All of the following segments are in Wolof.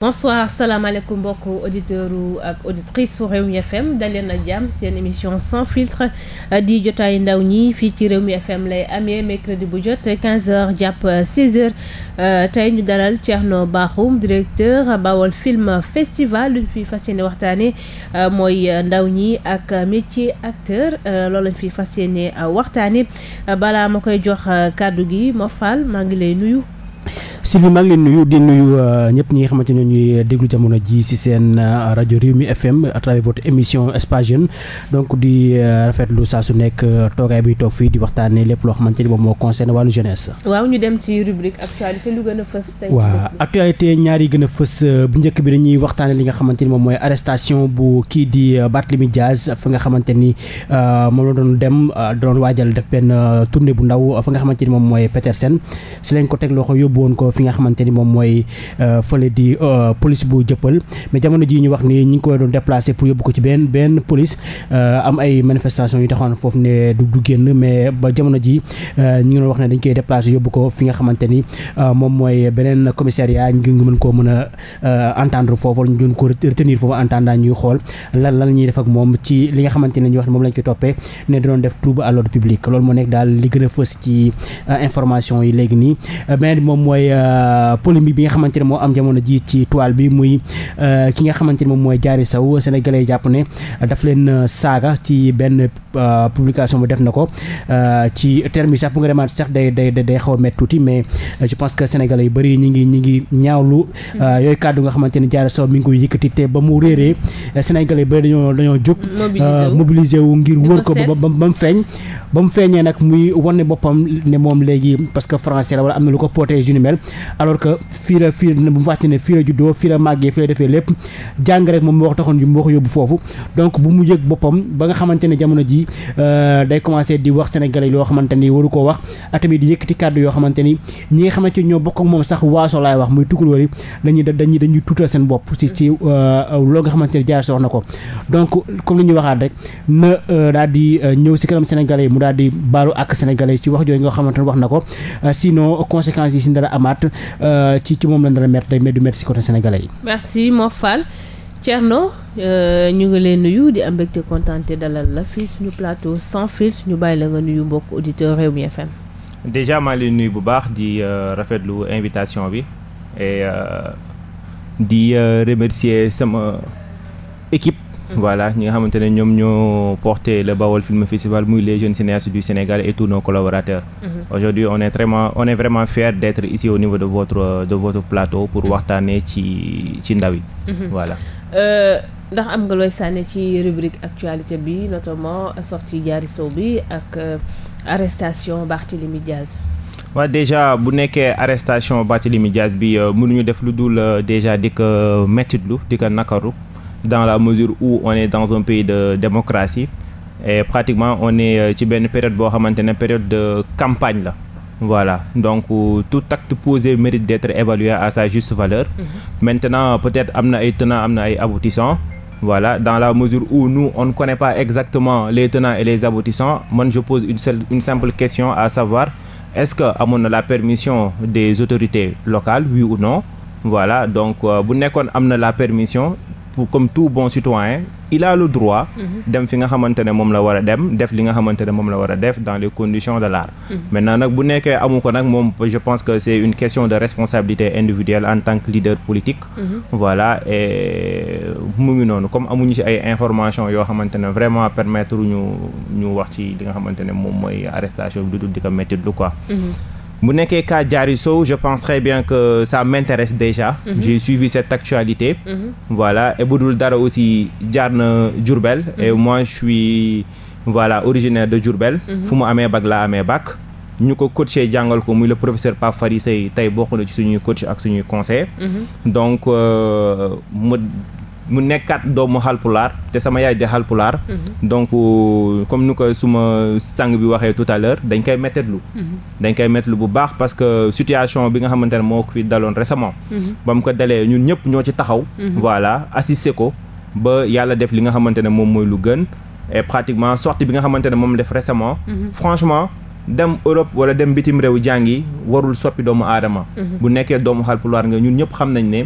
bonsoir salaamaaleykum mbokk auditeurs ak auditrices Rewmi FM daleen ak jàmm seen émission sans filtre euh, di jotaayu ndaw ñi fii ci réew mi FM lay amee mercredi bu jot 15 jàpp 16h euh, tey ñu dalal Thierno Bakhoum directeur Bawol Film Festival lu ñu fiy fas yéene waxtaanee euh, mooy ndaw ñi ak métier acteur loolu lañ fi fas yéene waxtaanee balaa ma koy jox kàddu gi Mofal maa ngi lay nuyu. Sylvie maa ngi leen nuyu di nuyu euh, ñëpp ñi nga xamante ne ñuy déglu jamono ji ci seen euh, rajo Rewmi FM à travers votre émission Espace donc di euh, rafetlu saa su nekk toogaay bi toog fii di waxtaanee lépp loo xamante ni moom moo concerne wàllu jeunesse. waaw ñu dem ci ñaar yi gën a fës bu njëkk bi dañuy waxtaanee li nga xamante ni moom mooy arrestation bu kii di Barthélémy Diaz fa nga xamante ni moom la doon dem doon waajal def benn tournée bu ndaw fa nga xamante ni moom mooy Petersen si lañ ko teg loxo yóbbu woon ko. fi nga xamante ni moom mooy euh, fële di euh, police bu jëppal mais jamono jii ñu wax ni ñu ngi koy doon déplacé pour yóbbu ko ci benn benn police euh, am ay manifestation yu taxoon foofu ne du du génn mais ba jamono ji ñu ngi doon wax ne dañ koy déplacé yóbbu ko fi nga xamante ni moom mooy beneen commissariat ngir ñu mën koo mën a entendre foofu ñu doon ko retenir foofu entendre ñuy xool lan lan ñuy def ak moom ci li nga xamante ne ñu wax ne moom lañ koy toppee ne doon moo nekk daal li gën a fës ci information yi léegi nii beneen moom Euh, polémique bi nga xamante ne moo am jamono ji ci toile bi muy euh, ki nga xamante ne moom mooy Diary saw sénégalais jàpp ne daf leen euh, saaga ci benn publication bu def na ko ci terme yi sax bu nga demaat sax day day day xaw a métti tuuti mais je pense que sénégalais yu bëri ñi ngi ñi ngi ñaawlu mm. yooyu kàddu nga xamante ne Diary Sow mi ngi koy yëkkati te ba mu réeree sénégalais yu bëri dañoo dañoo jóg mobiliser wu ngir wër ko ba ba mu feeñ ba mu feeñee nag muy ne boppam ne moom léegi parce que français la wala na lu ko protège yu alors que fii la fii bu mu fàttali ne fii la fii la màggee fii defee lépp jàng rek moom moo ko taxoon moo ko yóbbu foofu donc bu mu yëg boppam ba nga xamante ne jamono ji euh, day commencé di wax sénégalais loo xamante ni waru koo wax ak tamit di kàddu yoo xamante ni ñi nga xamante ñoo bokk ak moom sax waaso laay wax muy tukulóor yi dañuy dañuy dañuy tuutal seen bopp euh, si si loolu xamante ne jaar sox na ko donc comme li ñuy waxaat rek na euh, daal di ñëw si kanam sénégalais yi mu daal di baalu ak sénégalais ci wax jooju nga xamante ne wax na ko sinon conséquences yi si dara amaat xalaat euh, ci ci moom la nar a mettre day mais du mettre si côté sénégalais yi. merci Mor Fall euh, ñu ngi leen nuyu di am mbégte contenté dalal la fii suñu plateau sans fil suñu bàyyi la nga nuyu mbokk auditeur Rewmi FM. déjà maa leen nuyu bu baax di euh, rafetlu invitation bi et di remercier sama équipe. Mm-hmm. voilà ñi nga xamante ne ñoom ñoo porté le Bawol Film Festival muy les jeunes cinéastes du Sénégal et tous nos collaborateurs. Mm-hmm. aujourd'hui on est vraiment on est vraiment fiers d'être ici au niveau de votre de votre plateau pour mm-hmm. waxtaanee ci ci ndaw yi. voilà. Euh, ndax am nga looy sànni ci rubrique actualité bi notamment sortie Diary Sow bi ak euh, arrestation Barthélémy Diaz. waaw déjà bu nekkee arrestation Barthélémy Diaz bi euh, mënuñu def lu dul déjà di ko mettitlu nakaru. dans la mesure où on est dans un pays de démocratie et pratiquement on est euh, ci benn période boo xamante ne période de campagne la voilà donc euh, tout acte posé mérite d'être évalué à sa juste valeur mm -hmm. maintenant peut-être am na ay tenants am na ay aboutissants voilà dans la mesure où nous on ne connaît pas exactement les tenants et les aboutissants man je pose une simple question à savoir est-ce que amoon na la permission des autorités locales oui ou non voilà donc euh, bu nekkoon am na la permission comme tout bon citoyen il a le droit mhm. dem fi nga xamante ne moom la war a dem def li nga xamante ne moom la war a def dans les conditions de l'art mhm. maintenant nag bu nekkee amu ko nag moom je pense que c'est une question de responsabilité individuelle en tant que leader politique mhm. voilà et mu ngi noonu comme amuñu ci ay information yoo xamante ne vraiment permettre ñu ñu wax ci li nga xamante ne moom mooy arrestation bi du di ko métti lu quoi bu nekkee cas Diary Sow je pense très bien que ça m'intéresse déjà mm -hmm. j'ai suivi cette actualité mhm. voilà et bu dul dara aussi jaar na Diourbel mhm. et moi je suis voilà originaire de Diourbel mhm. fu mu amee bag laa amee bac ñu ko coaché jàngal ko muy le professeur Pape Farisey tey bokk na ci suñuy coach ak suñuy conseil donc euh, mu mu nekkaat doomu xalpulaar te sama yaay di xalpulaar mhm. donc euh, comme nu ko suma sang bi waxee tout à l'heure dañ koy mettetlu mhm. dañ koy mettetlu bu baax parce que situation bi nga xamante ne moo ko fi daloon récemment mhm. ba mu ko dalee ñun ñëpp ñoo ci taxaw voilà assister ko ba yàlla def li nga xamante ne moom mooy lu gën et pratiquement sortie bi nga xamante ne moom def récemment franchement dem Europe wala dem bitim réew jàngi warul soppi doomu aadama bu nekkee doomu xalpulaar nga ñun ñëpp xam nañ ne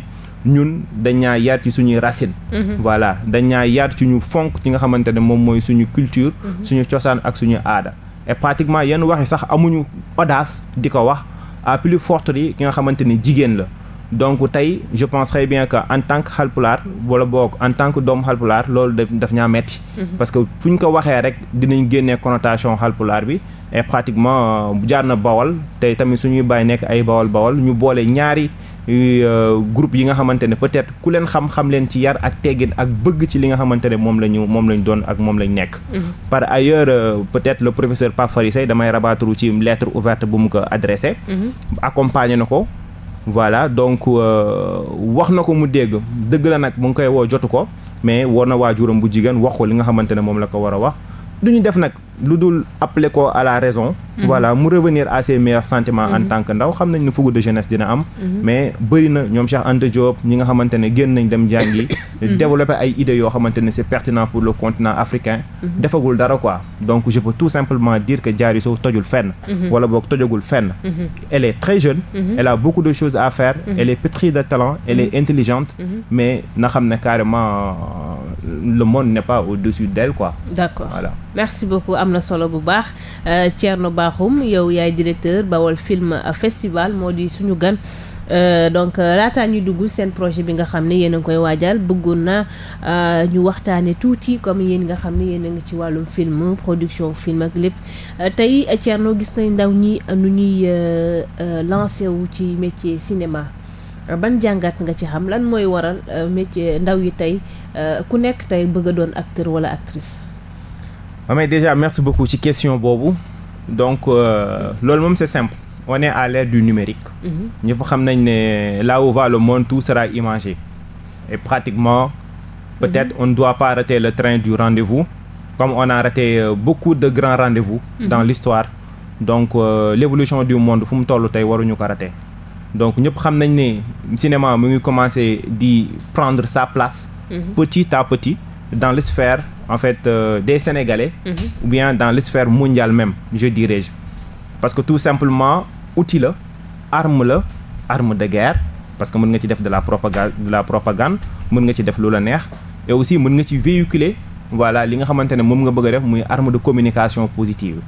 ñun dañaa yaar ci suñuy racine mhm. voilà dañaa yaar ci ñu fonk ci nga xamante ne moom mooy suñu culture mhm. suñu cosaan ak suñu aada et pratiquement yenn waxi sax amuñu audace di ko wax à plus forte yi ki nga xamante ne jigéen la donc tey je pense très bien que en tant que xalpulaar wala boog en tant que doomu xalpulaar loolu daf ñaa metti mhm. parce que fu ñu ko waxee rek dinañ génnee connotation xalpulaar bi et pratiquement euh, jaar na bawal tey tamit suñuy bàyyi nekk ay bawal bawal ñu boole ñaari Euh, groupe yi nga xamante ne peut-être ku leen xam-xam leen ci yar ak teggin ak bëgg ci li nga xamante ne moom la ñu moom lañ doon ak moom lañu nekk mhm. par ailleurs euh, peut-être le professeur Pape Farid Seye damay rabattre ci lettre ouverte bu mu ko adressé mhm. accompagné na ko voilà donc euh, wax na ko mu dégg dëgg la nag mu ngi koy woo jotu ko mais war na waajuram bu jigéen wax ko li nga xamante ne moom la ko war a wax du ñu def nag lu dul appeler ko à la raison Mm-hmm. voilà mu revenir à ses meilleurs sentiments en mm-hmm. tant que ndaw xam nañ ne fougue de jeunesse dina am mm-hmm. mais bëri ñoom Cheikh Anta ñi nga xamante génn nañ dem jàngi développer ay idées yoo xamante c'est pertinent pour le continent africain defagul dara quoi donc je tout simplement dire que Diary Sow tojul fenn wala boog tojagul fenn elle très jeune elle a beaucoup de choses à faire elle est de talent elle est mais na xam ne carrément le monde Bakhoum yow yaay directeur Bawol Film Festival moo di suñu gan euh, donc euh, laataa ñuy dugg seen projet bi nga xam ne yéen a ngi koy waajal bëggoon na euh, ñu waxtaane tuuti comme yéen nga xam ne yéen a ngi ci wàllum film production film ak lépp tey Thierno gis nañ ndaw ñi nu ñuy lancé wu ci métier cinéma ban jàngat nga ci xam lan mooy waral métier ndaw yi tey ku nekk tey bëgg a doon acteur wala actrice. amee merci beaucoup ci question boobu. donc euh, loolu moom c'est simple on est à l'ère du numérique mhm. ñëpp xam nañ ne là où va le monde tout sera imagé et pratiquement peut-être mhm. on ne doit pas rater le train du rendez-vous comme on a raté euh, beaucoup de grands rendez-vous mhm. dans l'histoire donc euh, l'évolution du monde fu mu toll tey waruñu ko rater donc ñëpp xam nañ ne cinéma mu ngi commencer di prendre sa place petit à petit dans les sphères en fait euh, des Sénégalais. Mm -hmm. ou bien dans l'esphère mondiale même jeu dirais. parce que tout simplement outil la arme la arme de guerre parce que mën nga ci def de la propagande de la propagande mën nga ci def lu la neex et aussi mën nga ci véhiculer voilà li nga xamante ne moom nga bëgg a def muy arme de communication positive.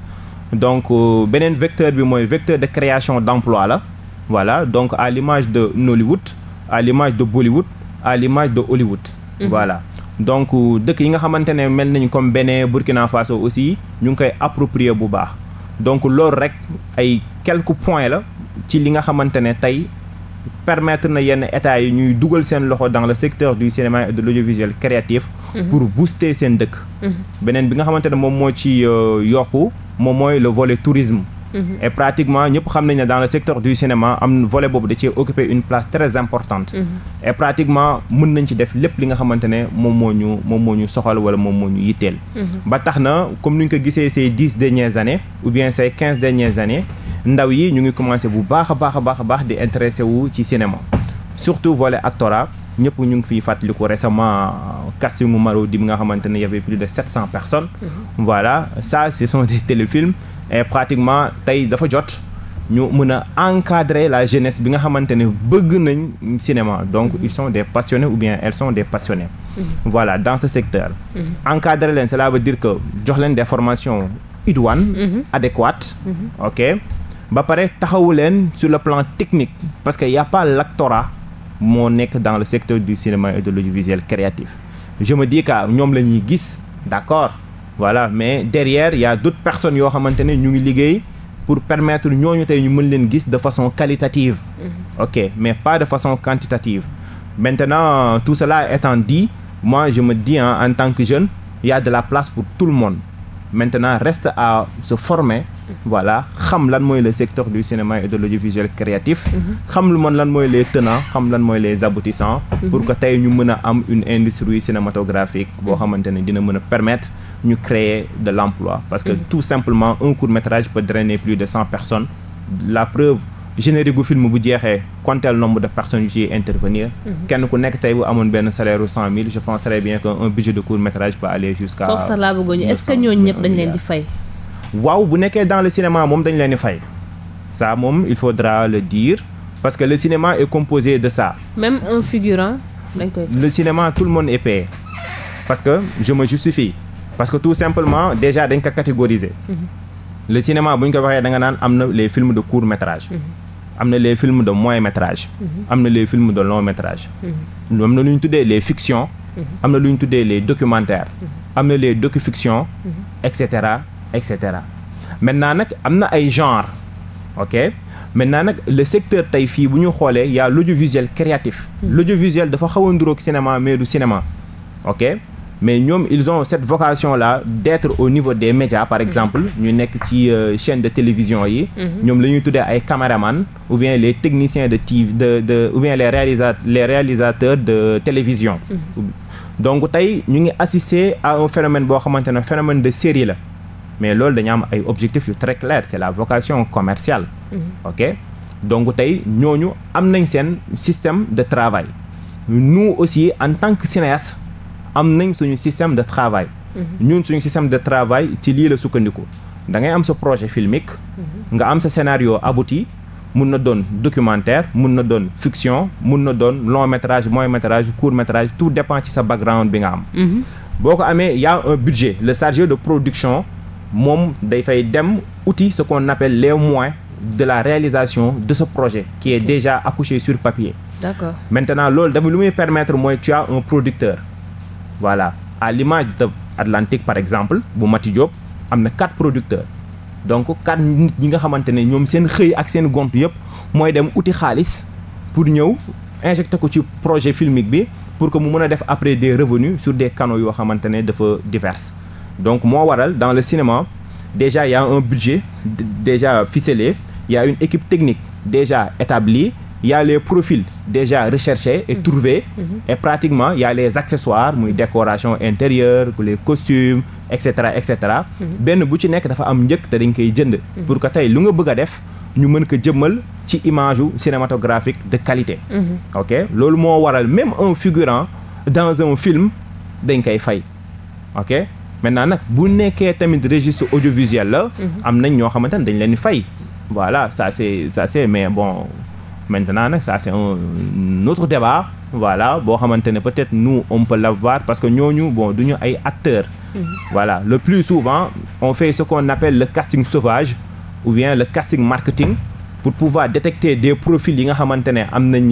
donc euh, beneen vecteur bi mooy vecteur de création d'emploi la voilà donc à l'image de Nollywood à l'image de Bollywood à l'image de Hollywood. Mhm. donc dëkk yi nga xamante ne mel nañu comme beneen Burkina Faso aussi ñu ngi koy approprier bu baax donc loolu rek ay quelques point la ci li nga xamante ne tey permettre na yenn état yi ñuy dugal seen loxo dans le secteur du cinéma et de l'audiovisuel créatif mhm. pour booster seen dëkk mhm. beneen bi nga xamante ne moom moo ci euh, yokku moom mooy le volet tourisme pratiquement ñëpp xam nañ ne dans le secteur du cinéma am volet boobu da cee occuper une place très importante. Mm-hmm. pratiquement mën nañ ci def lépp li nga xamante ne moom moo ñu moom moo ñu soxal wala moom moo ñu yitteel. Mm-hmm. ba tax na comme ni ñu ko gisee ces dix dernières années ou bien ces quinze dernières années ndaw yi ñu ngi commencé bu baax a baax a baax a baax di intéressé wu ci cinéma surtout volet actorat. ñëpp ñu ngi fiy fàttaliku récemment euh, castingu Marodi bi nga xamante ne y avait plus de cent personnes. Mm-hmm. voilà ça ce sont et pratiquement tey dafa jot ñu mën a encadrer la jeunesse bi nga xamante ne bëgg nañ cinéma donc ils sont des passionnés ou bien elles sont des passionnées mm-hmm. voilà dans ce secteur mm-hmm. encadrer leen cela veut dire que jox leen des formations idoines mm-hmm. adéquates ok ba pare taxawu leen sur le plan technique parce que y a pas l'actorat moo nekk dans le secteur du cinéma et de l'audiovisuel créatif je me dis que ñoom la ñuy gis d'accord voilà mais derrière y a d'autres personnes yoo xamante ne ñu ngi liggéey pour permettre ñooñu tey ñu mën leen gis de façon qualitative mm-hmm. ok mais pas de façon quantitative maintenant tout cela étant dit moi je me dis en tant que jeune y a de la place pour tout le monde maintenant reste à se former mm-hmm. voilà xam lan mooy le secteur du cinéma et de l'audiovisuel créatif mm-hmm. xam lu man lan mooy les tenants xam lan mooy les aboutissants pour que tey ñu mën a am une industrie cinématographique boo xamante ne dina mën a permettre ñu créer de l'emploi parce que mm. tout simplement un court métrage peut drainer plus de cent personnes la preuve générique gu film bu jeexee compteel nombre de personnes yu intervenir mm-hmm. kenn ku nekk tey bu amoon benn salaire u cent mille je pense très bien que un budget de court métrage peut aller jusqu'à foofu sax laa bëggoon est leen di fay waaw bu nekkee dans le cinéma moom dañ leen di fay ça moom il faudra le dire parce que le cinéma est composé de ça même un figurant dañ le cinéma tout le monde est payé parce que je me justifie parce que tout simplement déjà dañ ko catégoriser. Mm-hmm. le cinéma bu ñu ko waxee da nga naan am na les films de court métrage. Mm-hmm. am na les films de moyen métrage. Mm-hmm. am na les films de long métrage. am na lu ñu tuddee les fictions. am na lu ñu tuddee les am les docufictions. et cetera et cetera. maintenant nag am na ay genre ok maintenant nag le secteur tey fii bu ñu xoolee y a l'audiovisuel créatif. l'audiovisuel dafa xaw a nduroog cinéma mais du cinéma ok. mais ñoom ils on cette vocation là d'être au niveau des médias par mhm. exemple ñu nekk ci euh, chaîne de télévision yi mhm. ñoom la ñuy tuddee ay caméraman ou bien les techniciens de TV de de ou les réalisa les réalisateurs de télévision mhm. donc tey ñu ngi assister à un phénomène boo xamante ne phénomène de série la mais loolu dañu am ay objectifs yu très clair c'est la vocation commerciale ok donc tey ñooñu am nañ seen système de travail nu aussi en tant que cinéaste am nañ suñu système de travail. Mhm. ñun suñu système de travail ci lii la sukkandiku dangay am sa projet filmique. Mhm. nga am sa scénario abouti mun na doon documentaire mun na doon fiction mun na doon long métrage moyen métrage court métrage tout dépend ci sa background bi nga am. Mhm. boo ko amee y' a un budget le chargé de production moom day fay dem outil ce qu'on appelle les moyens de la réalisation de ce projet qui est déjà accouché sur papier. maintenant loolu dafa lu muy permettre mooy voilà à l'image de Atlantique par exemple bu Mati Diop am na quatre producteurs donc quatre nit ñi nga xamante ne ñoom seen xëy ak seen gont yëpp mooy dem uti xaalis pour ñëw injecté ko ci projet filmique bi pour que mu mën a def après des revenus sur des canaux yoo xamante ne dafa diverses donc moo waral dans le cinéma déjà y a un budget déjà ficelé y a une équipe technique déjà établie il y les profils déjà recherché et mhm. trouvés mhm. et pratiquement il y les accessoires muy décoration intérieure les costumes et cetera et cetera mhm. benn bu ci nekk dafa am njëkk te dañ koy jënd pour que tey lu nga bëgg def ñu mën ko jëmmal ci image yu cinématographique de qualité ok loolu moo waral même un figurant dans un film dañ koy fay ok maintenant nag bu nekkee tamit registre audiovisuel la am nañ ñoo xamante ne dañ leen di fay voilà ça c'est ça c'est mais bon maintenant nag ça c'est un autre débat voilà boo xamante ne peut-être nous on peut l'avoir parce que ñooñu bon du ñu ay acteurs mm-hmm. voilà le plus souvent on fait ce qu'on appelle le casting sauvage ou bien le casting marketing pour pouvoir détecter des profils yi nga xamante ne am nañ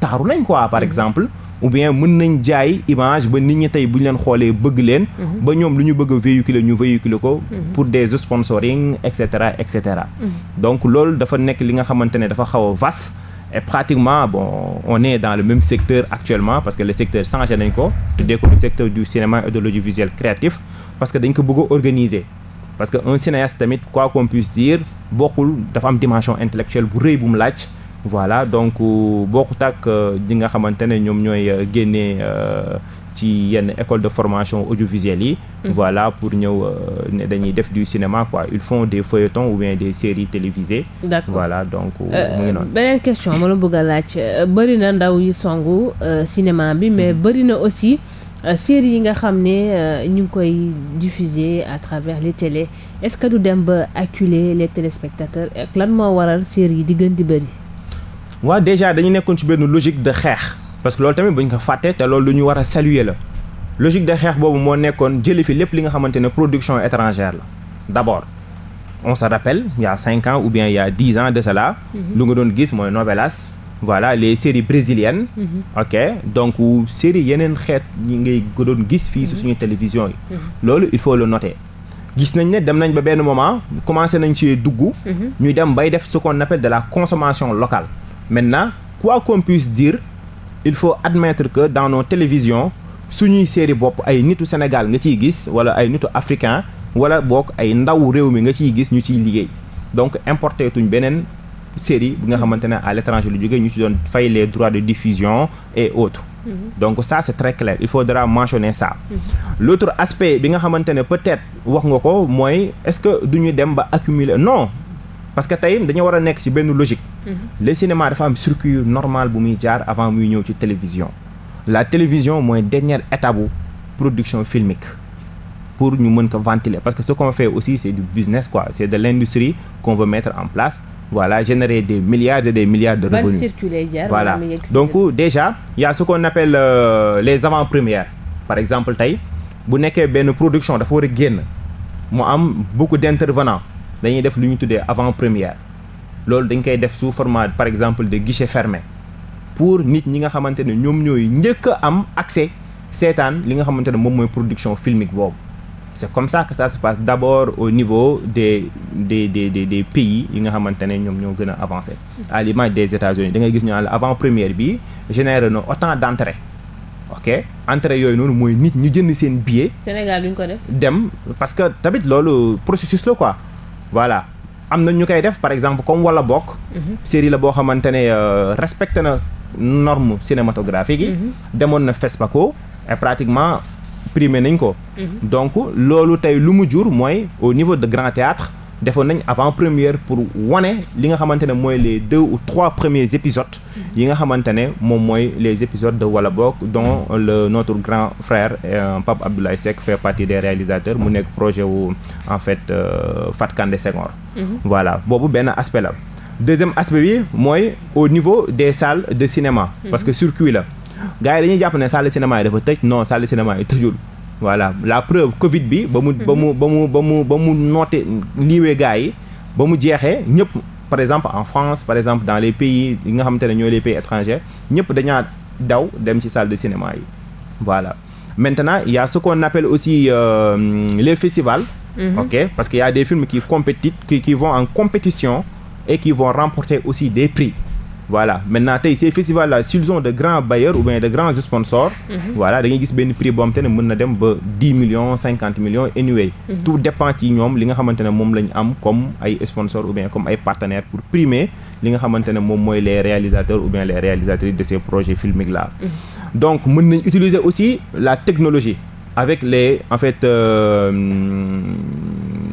taaru nañ quoi par mm-hmm. exemple ou bien mën nañ jaay image ba nit ñi tey bu ñu leen xoolee bëgg leen. Mhm. ba ñoom lu ñu bëgg a véhiculer ñu véhiculer ko. Mhm. pour des sponsoring et cetera et cetera. Mhm. donc loolu dafa nekk li nga xamante ne dafa xaw a vaste. et pratiquement bon on est dans le même secteur actuellement parce que le secteur changé nañ ko. tuddee ko le secteur du cinéma et de créatif parce que dañ ko bëgg a parce que un cinéaste tamit quoi qu'on puisse dire bokkul dafa am dimension bu rëy bu mu laaj. voilà donc euh, bokkut ak euh, ñi nga xamante ne ñoom ñooy euh, génnee ci yenn école de formation audiovisuelle yi. Mm-hmm. voilà pour ñëw ne dañuy def du cinéma quoi ils font des feuilletons ou bien des séries télévisées. d'accord voilà donc mu ngi noonu. beneen question ma la bëgg a laaj bëri na ndaw yi songu cinéma bi mais mm-hmm. bëri na aussi. série yi nga xam ne ñu ngi koy diffuser à travers les télé est-ce que du dem ba acculer les téléspectateurs ak lan moo waral série yi di gën di bëri. waa déjà dañu nekkoon ci benn logique de xeex parce que loolu tamit bañ ñu ko fàtte te loolu lu ñu war a la logique de xeex boobu moo nekkoon jëli fi lépp li nga xamante ne production étrangère la d'abord on se rappelle il y cinq ans ou bien il y a dix ans de cela mhm. lu nga doon gis mooy novelas voilà les séries brésiliennes mhm. ok donc séries yeneen xeet ñi ngay doon gis fii su mhm. suñu télévision yi loolu il faut le noter gis nañ ne dem nañ ba benn moment commencé nañ ci dugg ñuy dem bay def ce qu'on appelle de la consommation locale maintenant quoi qu'on puisse dire il faut admettre que dans nos télévisions suñuy série bopp ay nitu Sénégal nga ciy gis wala ay nitu africain wala boog ay ndaw réew mi nga ciy gis ñu ciy liggéey donc importé tuñ beneen série bi nga xamante ne à l'étranger lu jógee ñu ci doon fay les droits de diffusion et autres mm-hmm. donc ça c'est très clair il faudra mentionner ça mm -hmm. l'autre aspect bi nga xamante ne peut-être wax nga ko mooy est-ce que duñu dem ba accumuler non parce que tey dañu war a nekk ci benn logique. Mhm. le cinéma dafa am circuit normal bu muy jaar avant muy ñëw ci télévision. la télévision mooy dernière étape bu production filmique pour ñu mën ko ventiler parce que ce qu'on fait aussi c'est du business quoi c'est de l'industrie qu'on veut mettre en place voilà générer des milliards et des milliards de revenus. circuler jaar voilà donc déjà y a ce qu'on appelle euh, les avant-premières par exemple tey bu nekkee benn production dafa war a génn mu am beaucoup d'intervenants. dañuy def lu ñu tuddee avant première loolu dañ koy def sous format par exemple de guichet fermé pour nit ñi nga xamante ne ñoom ñooy njëkk a am accès seetaan li nga xamante ne moom mooy production filmique boobu c'est comme ça que ça se passe d'abord au niveau de des des des, des yi nga xamante ne ñoom ñoo gën a avancé mm-hmm. à l'image des États-Unis da ngay gis ñu naan la avant première bi génère na autant d'entrées ok entrée yooyu noonu mooy nit ñu jënd seen billet. Sénégal duñ ko def. dem parce que tamit loolu processus la voilà am na ñu koy def par exemple comme wala bokk mhm. série la boo xamante ne euh, respecté na norme cinématographique yi mhm. demoon na FESPACO et pratiquement primé nañ ko mhm. donc loolu tey lu mu jur mooy au niveau de grand théâtre defoon nañ avant première pour wane li nga xamante ne mooy les deux ou trois premiers épisodes yi nga xamante ne moom mooy les épisodes de Wala Bok dont le notre grand frère euh, Pape Abdoulaye Seck fait partie des réalisateurs mu nekk projet wu en fait euh, Fat Kandé Senghor mm voilà boobu benn aspect la deuxième aspect bi mooy au niveau des salles de cinéma mm parce mhm. que circuit la gars yi dañuy jàpp ne salle de cinéma yi dafa tëj non salle cinéma yi tëjul voilà la preuve Covid bi ba mu ba mu mhm. ba mu ba mu ba mu noote liiwee gars yi ba mu jeexee ñëpp par exemple en France par exemple dans les pays yi nga xamante ne ñoo les pays étrangers ñëpp dañaa daw dem ci salle de cinéma yi voilà maintenant il y a ce qu'on appelle aussi euh, les festivals mmh. ok parce que y a des films qui compétit qui, qui en compétition et qui vont remporter aussi des prix voilà maintenant tey ces la là s'ils ont de grands bailleurs ou bien de grands sponsors mm -hmm. voilà da gis benn prix boo xamante ne mën na dem ba dix millions cinquante millions anyway mm -hmm. tout dépend ci ñoom li nga xamante ne moom la am comme ay sponsors ou bien comme ay partenaires pour primer li nga xamante ne moom mooy les réalisateurs ou bien les réalisatrices de ces projets filmiques là mhm. donc mën nañ utiliser aussi la technologie avec les en fait euh,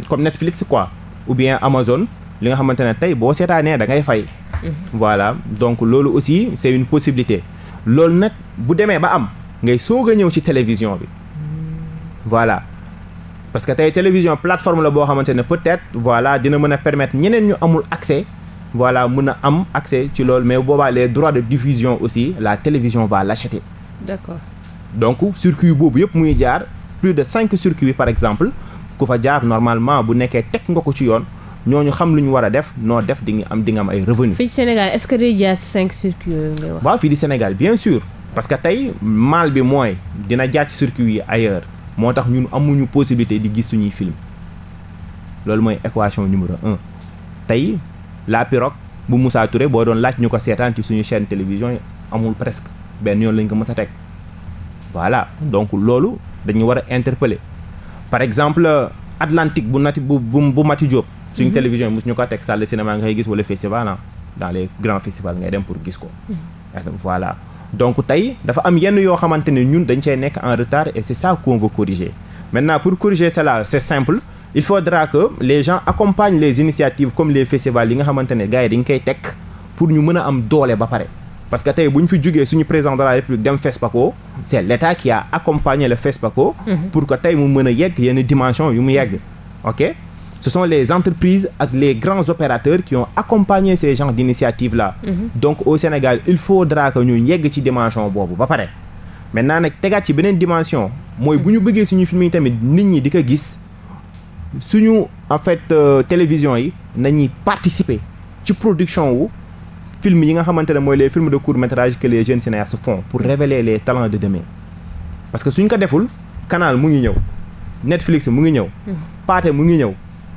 comme Netflix quoi ou bien Amazon li nga xamante ne tey boo seetaanee da ngay fay. Mhm. voilà donc loolu aussi c'est une possibilité loolu nag bu demee ba am ngay soog a ñëw ci télévision bi mhm. voilà parce que tey télévision plateforme la boo xamante ne peut-être voilà dina mën a permettre ñeneen ñu amul accès voilà mun a am accès ci loolu mais boobaa les de diffusion aussi la télévision va l'acheter. d'accord donc circuit boobu yëpp muy jaar plus de cinq bi par exemple ku fa jaar normalement bu nekkee teg nga ko ci yoon. ñoo ñu xam lu ñu war a def noo def di nga am di nga am ay revenus. fii ci Sénégal est-ce que day jaar ci cinq circuits waaw fii di Sénégal bien sûr parce que tey mal bi mooy dina jaar ci circuit yi ailleurs moo tax ñun amuñu possibilité di gis suñuy film loolu mooy équation numéro un tey la pirogue bu Moussa Touré boo doon laaj ñu ko seetaan ci suñu chaîne télévision amul presque benn yoon lañ ko mës a teg voilà donc loolu dañu war a interpeller par exemple Atlantique bu nati bu Mati Diop suñu mhm. télévision yi mosu ñu ko teg salle de cinéma ngay gis wala festival ah. dans les grands festivals ngay dem pour gis ko mhm. voilà donc tey dafa am yenn yoo xamante ne ñun dañ cee nekk en retard et c'est ça qu'on veut corriger maintenant pour corriger cela c'est simple il faudra que les gens accompagnent les initiatives comme les festivals yi nga xamante ne gars yi dañ koy teg pour ñu mën a am doole ba pare parce que tey bu ñu fi jugee suñu président de la république dem a accompagné le FESPACO mhm. pour que tey mu mën mu yegg ok ce son les entreprises ak les grands opérateurs qui ont accompagné ces genres d'initiatives là mhm. donc au Sénégal il faudra que ñu yegg ci dimension boobu ba pare maintenant nag tegaat ci beneen dimension mooy bu ñu bëggee ñu film yi tamit nit ñi di ko gis suñu en fait euh, télévision yi nañuy participer ci production wu film yi nga xamante ne mooy les films de court métrage que les jeunes cinéastes font pour révéler les talents de demain parce que suñ ko deful canal mu ngi ñëw Netflix mu ngi ñëw mhm. Pathé mu ngi ñëw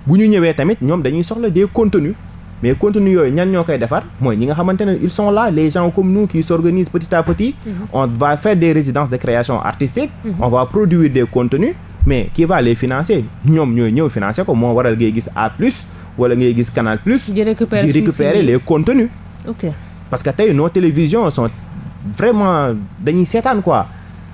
bu ñu ñëwee tamit ñoom dañuy soxla de contenus mais contenus yooyu ñan ñoo koy defar mooy ñi nga xamante ne ils sont là les gens comme nous qui s'organisent petit à petit mm -hmm. on va faire des résidences de création artistique mm -hmm. on va produire des contenus mais qui va les financer ñoom ñooy ñëw financé ko moo waral ngay gis à plus wala ngay gis Canal plus di récupérer les contenu ok parce que tey noo télévision sont vraiment dañuy seetaan quoi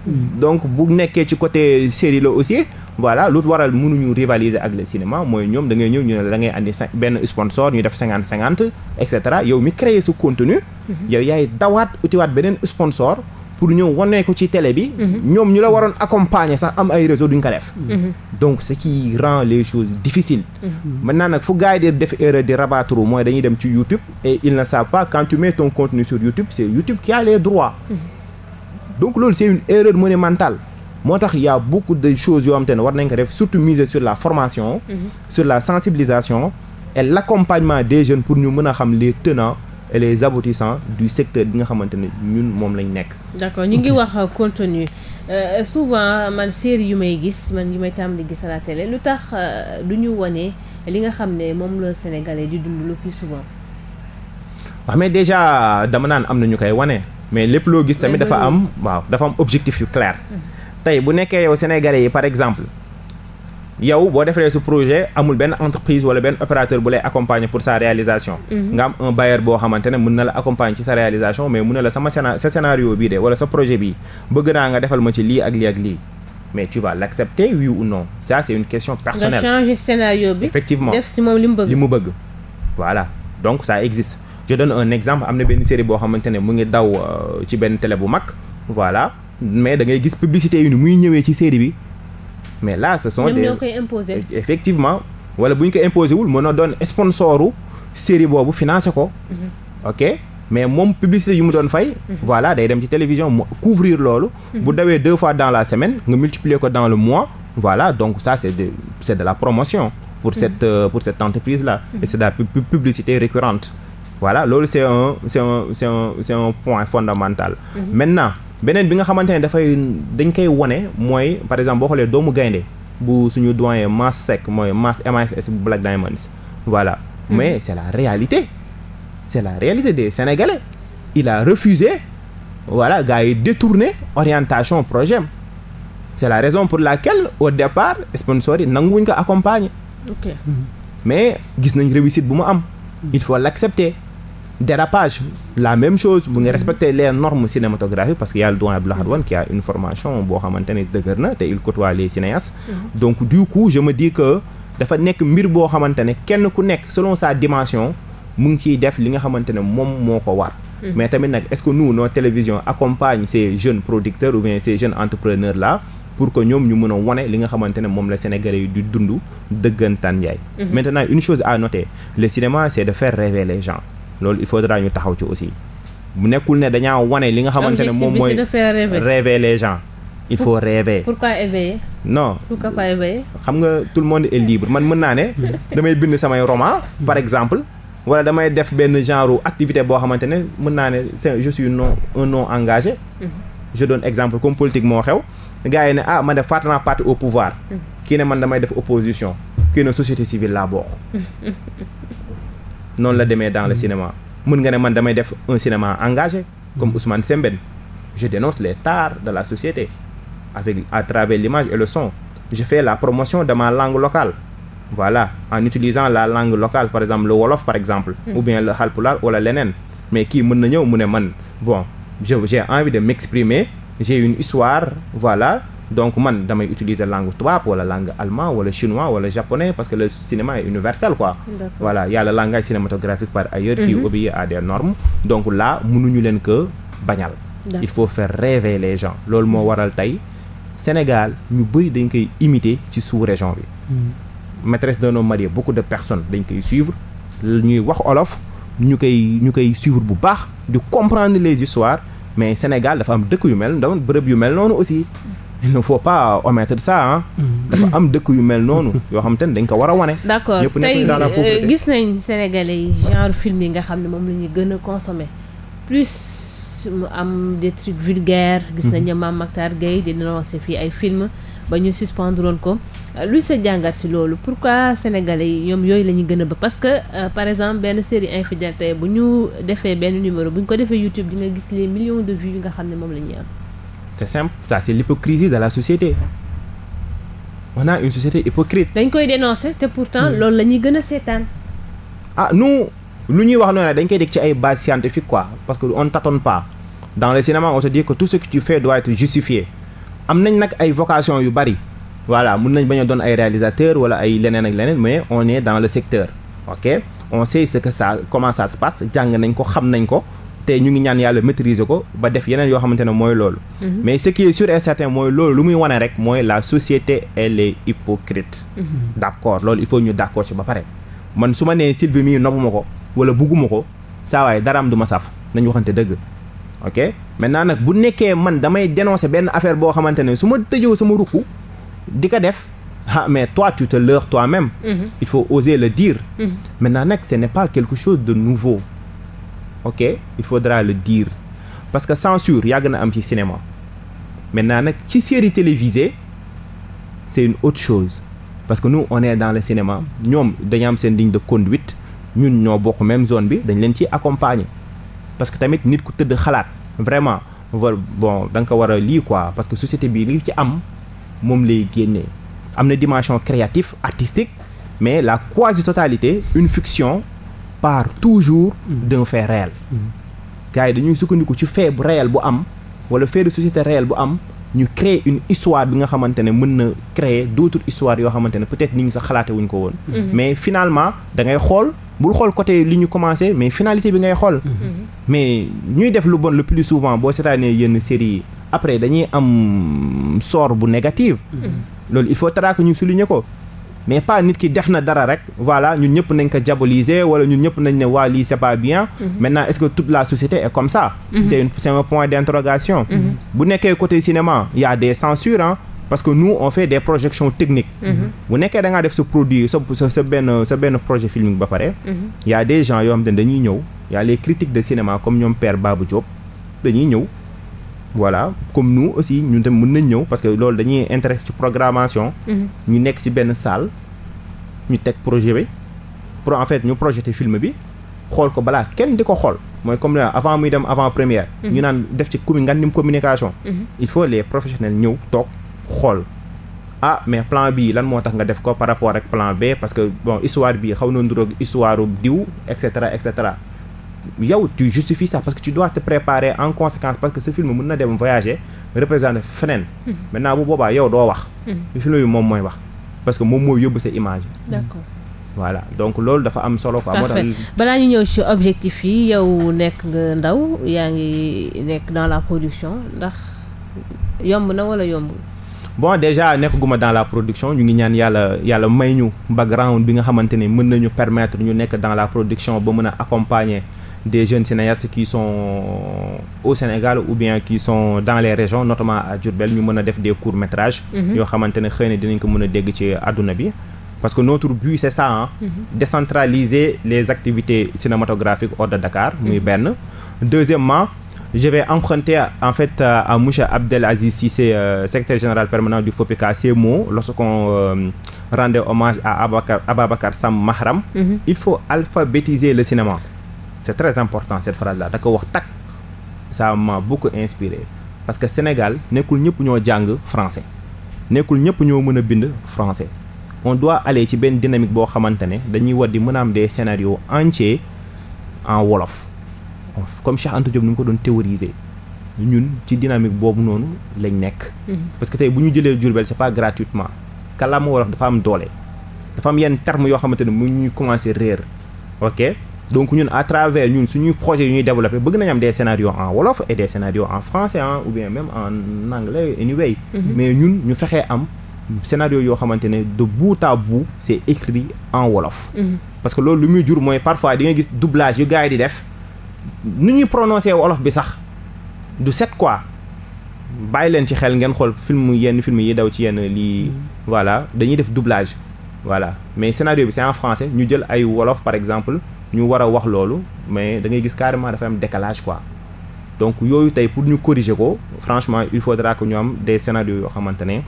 mhm. donc bu nekkee ci côté série aussi voilà loolu waral mënuñu rivaliser ak le cinéma mooy ñoom da ngay ñëw ñu ne da ngay andi benn sponsor ñu def cinquante cinquante et cetera yow mi créer sa contenu mhm. yow yaay dawaat utiwaat beneen sponsor pour ñëw wane ko ci télé bi mhm. ñoom ñu la waroon accompagner sax am ay réseau duñ ko def mhm. donc ci qui rend les choses difficiles naa nag fu gars yi di def erreur di rabattre mooy dañuy dem ci YouTube et ils ne savent pas quand tu mets ton contenu sur YouTube c'est a les donc loolu c'est une erreur moo tax yaa a beaucoup de choses yoo xam te ne war nañ ko def surtout miser sur la formation. Mhm. sur la sensibilisation. et des jeunes pour ñu mën a xam les tenants les aboutissants du secteur bi nga xamante ni ñun moom lañ nekk. d' ñu ngi wax contenu euh, souvent man série yu may gis man yu may tàmm di gis à la lu tax euh, du ñu wane li nga xam ne moom la Sénégalais di dund le plus souvent. waaw mais déjà dama naan am na ñu koy wane mais lépp loo gis tamit dafa am waaw dafa am objectif yu clair. Mhm. tey bu nekkee yow sénégalais yi par exemple yow boo defee su projet amul benn entreprise wala benn opérateur bu lay accompagner pour sa réalisation mhm. nga am un bailleur boo xamante ne mën na la accompagner ci sa réalisation mais mun na la sama scénario sa scénario bii de wala sa projet bi bëgg naa nga defal ma ci lii ak lii ak lii mais tu vas l'accepter oui ou non ça c'est une question personnelle nga changer scénario effectivement li mu bëgg li mu bëgg voilà donc ça existe je donne un exemple am na benn série boo xamante ne mu ngi daw euh, ci benn télé bu mag voilà mais da ngay gis publicité yi ni muy ñëwee ci séeri bi mais là ce sont des effectivement wala bu ñu ko imposé wul mën a doon sponsoru série boobu financé ko mm-hmm. ok mais moom publicité yu mu doon fay mm-hmm. voilà day dem ci télévision mu couvrir loolu bu mm-hmm. dawee deux fois dans la semaine nga multiplier ko dans le mois voilà donc ça c'est de c'est la promotion pour cette euh, pour cette entreprise là et c'est de la publicité récurrente voilà loolu c'est un c'est un c'est un c'est point fondamental maintenant beneen bi nga xamante ne dafay dañ koy wone mooy par exemple boo xoolee doomu gaynde bu suñu doyen Mass Seck mooy Mass MASS bu Black Diamonds voilà hmm. mais c'est la réalité c'est la réalité des Sénégalais il a refusé voilà gars yi détourné orientation projet am c'est la raison pour laquelle au départ sponsor yi wuñ ko accompagner mais gis nañ réussite bu mu am il faut l'accepter dérapage la même chose bu ñu respecter les normes cinématographiques parce que y a le doyen Abdoulaye Wane qui a formation boo xamante ne dëgër na te il côtoie les cinéastes mm-hmm. donc du coup je me dis que dafa nekk mbir boo xamante ne kenn ku nekk selon sa dimension mu ngi ciy def li nga xamante ne moom moo ko war mm-hmm. mais tamit nag est-ce que nous nos télévisions ces jeunes producteurs ou bien ces jeunes entrepreneurs là pour que ñoom ñu mën a wone li nga xamante ne moom la Sénégalais yi dund dëggantaan yaay mm-hmm. maintenant une chose à noter le cinéma c'est de faire les gens loolu il faut faudra ñu taxaw ci aussi bu nekkul ne dañaa wane li nga xamante ne moom mooy rêver les gens il faut rêver pourquoi éveiller non pourquoi pas xam nga tout le monde est libre man mën naa ne damay bind samay roman par exemple wala damay def benn genre activité boo xamante ne mën naa ne c'est je suis non un non engagé mhm. je donne exemple comme politique moo xew gars yi ne ah man def fàtte naa parti au pouvoir mhm. ki ne man damay def opposition kii ne société civile laa bokk noonu la demee dans le cinéma mën nga ne man damay def un cinéma engagé comme mm. Ousmane Sembène je dénonce les tares de la société avec à travers l'image et le son je fais la promotion de ma langue locale voilà en utilisant la langue locale par exemple le wolof par exemple mm. ou bien le halpulaar wala leneen mais kii mën na ñëw mu ne man bon je j'ai envie de m'exprimer j'ai une histoire voilà donc man damay utiliser langue tubaab wala langue allemand wala chinois wala japonais parce que le cinéma est universel quoi voilà y a le langage cinématographique par ailleurs qui mhm. obéit à des normes donc là munuñu leen ko bañal il faut faire rêver les gens loolu moo waral tey Sénégal ñu bëri dañ koy imiter ci sous-région bi mhm. maîtresse d'un homme marié beaucoup de personnes dañ koy suivre ñuy wax olof ñu koy ñu koy suivre bu baax du comprendre les histoires mais Sénégal dafa am dëkk yu mel noonu yu mel noonu il ne faut pas omettre ça ah. dafa am dëkk yu mel noonu yoo xam te ne dañ ko war a wane. d'accord tey euh, gis nañ Sénégalais yi genre film yi nga xam ne moom la ñuy gën a consommer plus mu am des trucs vulgaires. gis nañ mm-hmm. ne Mame Mactar Gueye di fii ay film ba ñu suspendre woon ko euh, luy sa jàngat si loolu pourquoi sénégalais yi ñoom yooyu la ñu gën a ba parce que euh, par exemple benn série infidèle bu ñu defee benn numéro bu ñu ko defee YouTube di nga gis les millions de vues yi nga xam moom la ñuy am. c'est simple ça c'est l'hypocrisie de la société on naa une société hypocrite dañ koy dénoncer te pourtant hmm. loolu la ñuy gën a seetaan ah nu lu ñuy wax noonu dañ koy dégg ci ay bases scientifiques quoi parce que on ne tâtonne pas dans le cinéma on te dit que tout ce que doit être am nañ nag ay vocation yu bari voilà mun nañ bañ doon ay réalisateurs wala ay leneen ak leneen mais on est dans le secteur ok on sait ce que ça comment ça se passe jàng nañ ko xam nañ ko te ñu ngi ñaan yàlla maîtriser ko ba def yeneen yoo xamante ne mooy loolu mhm. mais ce qui et certain mooy loolu lu muy wane rek mooy la société elle est hypocrite mhm. d'accord loolu il faut ñu d'accord ci ba pare man su ma nee Sylvie mii noppuma ko wala bugguma ko saa waaye daraam du ma saf nañ waxante dëgg ok maintenant nag bu nekkee man damay dénoncer benn affaire boo xamante ne su ma tëjoo sama rukku di ko def ah mais toi tu te leurres toi mhm. il faut oser le dire maintenant nag ce n'est pas ok il faut dra le dire parce que censure yàgg na am ci cinéma maintenant nag ci série télévisée c'est une autre chose parce que nous on est dans le cinéma ñoom dañu am seen ligne de conduite ñun ñoo bokk même zone bi dañ leen ci accompagner parce que tamit nit ku tëdd xalaat vraiment bon da nga ko war a lii quoi parce que société bi li ci am moom lay génne am na dimension créative artistique mais la quasi totalité une fiction part toujours mm. d'un fait réel mm. gars dañuy sukkandiku ci fait bu réel bu am wala fait de société réel bu am ñu créer une histoire bi nga xamante ne mën na créer d'autres histoires yoo xamante ne peut-être nit ñi sax xalaate wuñ ko woon mm-hmm. Mm-hmm. mais finalement da ngay xool bul xool côté li ñu commencé mais finalité bi ngay xool mm-hmm. mais ñuy def lu bon le plus souvent boo seetaanee yenn série yi après dañuy am sort bu négative loolu il faut que ñu souligner ko mais pas nit ki def na dara rek voilà ñun ñëpp nañ ko diaboliser wala ñun ñëpp nañ ne waa lii c'est pas bien mhm. maintenant est que toute la société est comme ça mhm. c'est une un point d'interrogation mhm. bu nekkee côté cinéma y a des censures hein parce que nous on fait des projections techniques bu nekkee da def sa produit sa sa benn projet filmique ba pare y a des gens yoo xam ne dañuy ñëw y a les critiques de cinéma comme ñoom Père Babou Diop dañuy ñëw voilà comme nous aussi ñun tamit mun nañ ñëw parce que loolu dañuy intérêt ci programmation. Mhm. ñu nekk ci benn salle. ñu teg projet bi pour en fait ñu projet projeté film bi xool ko balaa kenn di ko xool mooy comme avant muy dem avant première. Mhm. ñu naan def ci commun ngandim communication. Mhm. il faut les professionnels ñëw toog xool. ah mais plan bii lan moo tax nga def ko par rapport ak plan B parce que bon histoire bi xaw na nduroog histoire diw et cetera et cetera. yow tu justifies sax parce que tu dois te préparer en conséquence parce que ce film mën na dem voyager représenter feneen. Hmm. maintenant bu boobaa yow doo wax. Hmm. film bi moom mooy wax parce que moom mooy yóbbu sa image. d'accord. voilà donc loolu dafa am solo quoi. moo tax balaa ñu ñëw ci objectif yi yow nekk nga ndaw yaa ngi nekk dans la production ndax yomb na wala yombul. bon déjà nekkaguma dans la production ñu ngi ñaan yàlla yàlla may ñu background bi nga xamante ni mën nañu permettre ñu nekk dans la production ba mën a accompagner. des jeunes cinéastes qui son au Sénégal ou bien qui son dans les régions notamment à Diourbel ñu mën a def des courts métrages mhm. yoo xamante ne xëy ko mën a dégg ci àdduna bi parce que notre but c'est ça mhm. décentraliser les activités cinématographiques hors de Dakar muy mhm. benn deuxièmement je vais emprunter en fait à monsieur Abdelaziz Cissé euh, secrétaire général permanent du FOPICA ces mots lorsqu'on euh, render omage à Ababacar Ababacar Sam Mahram il faut alphabétiser le cinéma c'est très important cette phrase là da ko wax tak ça m'a ko inspiré parce que Sénégal nekkul ñëpp ñoo jàng français nekkul ñëpp ñoo mën a bind français on doit aller ci benn dynamique boo xamante ne dañuy war di mën a am des scénarios entiers en wolof comme Cheikh ante Diop ni mu ko doon théoriser ñun ci dynamique boobu noonu lañ nekk. Mhm. parce que tey bu ñu jëlee Diourbel c'est pas gratuitement kàllaama wolof dafa am doole dafa am yenn termes yoo xamante ne mu ñuy commencer réer donc ñun à travers ñun suñuy projet yu ñuy développé bëgg nañ am des scénarios en wolof et des scénarios en français hein, ou bien même en anglais anyway mhm. mais ñun ñu fexee am scénario yoo xamante ne de bout à bout c'est écrit en wolof mhm. parce que loolu lu muy jur mooy parfois di nga gis doublage yu gars yi di def nu ñuy prononcé wolof bi sax du set quoi bàyyi leen ci xel ngeen xool film yenn film yi daw ci yenn lii mhm. voilà dañuy def doublage voilà mais scénario bi c'est en ñu jël ay par exemple ñu war a wax loolu mais da ngay gis carrément dafa am décalage quoi donc yooyu tey pour ñu corriger ko franchement il faudra que ñu am des scénarios yoo xamante ne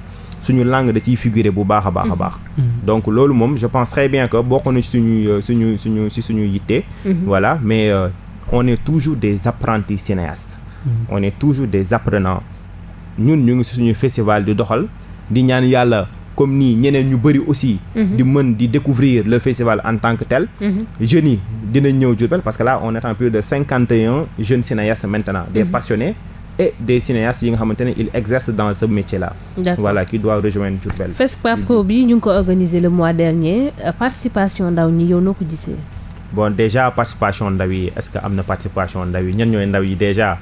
suñu langue da ciy figurer bu baax a baax a mm-hmm. baax. Mm-hmm. donc loolu moom je pense très bien que boo na ci suñu euh, suñu suñu si yitte. Mm-hmm. voilà mais euh, on est toujours des apprentis cinéastes. on est toujours des apprenants ñun ñu ngi suñu festival di doxal di ñaan yàlla. comme nii ñeneen ñu bëri aussi. Mhm. di mën di découvrir le festival en tant que tel. Mhm. jeunes yi dinañ ñëw Diourbel parce que là on attend plus de cinquante et un jeunes cinéastes maintenant. des mhm. passionnés e des cinéastes yi nga xamante ne ils exercent dans ce métier là. voilà qui doit rejoindre Diourbel. FESPACO bi ñu ngi ko organisé le mois dernier euh, participation ndaw ñi yow noo ko gisee. bon déjà participation ndaw yi est-ce que am na participation ndaw yi ñan ñooy ndaw yi déjà.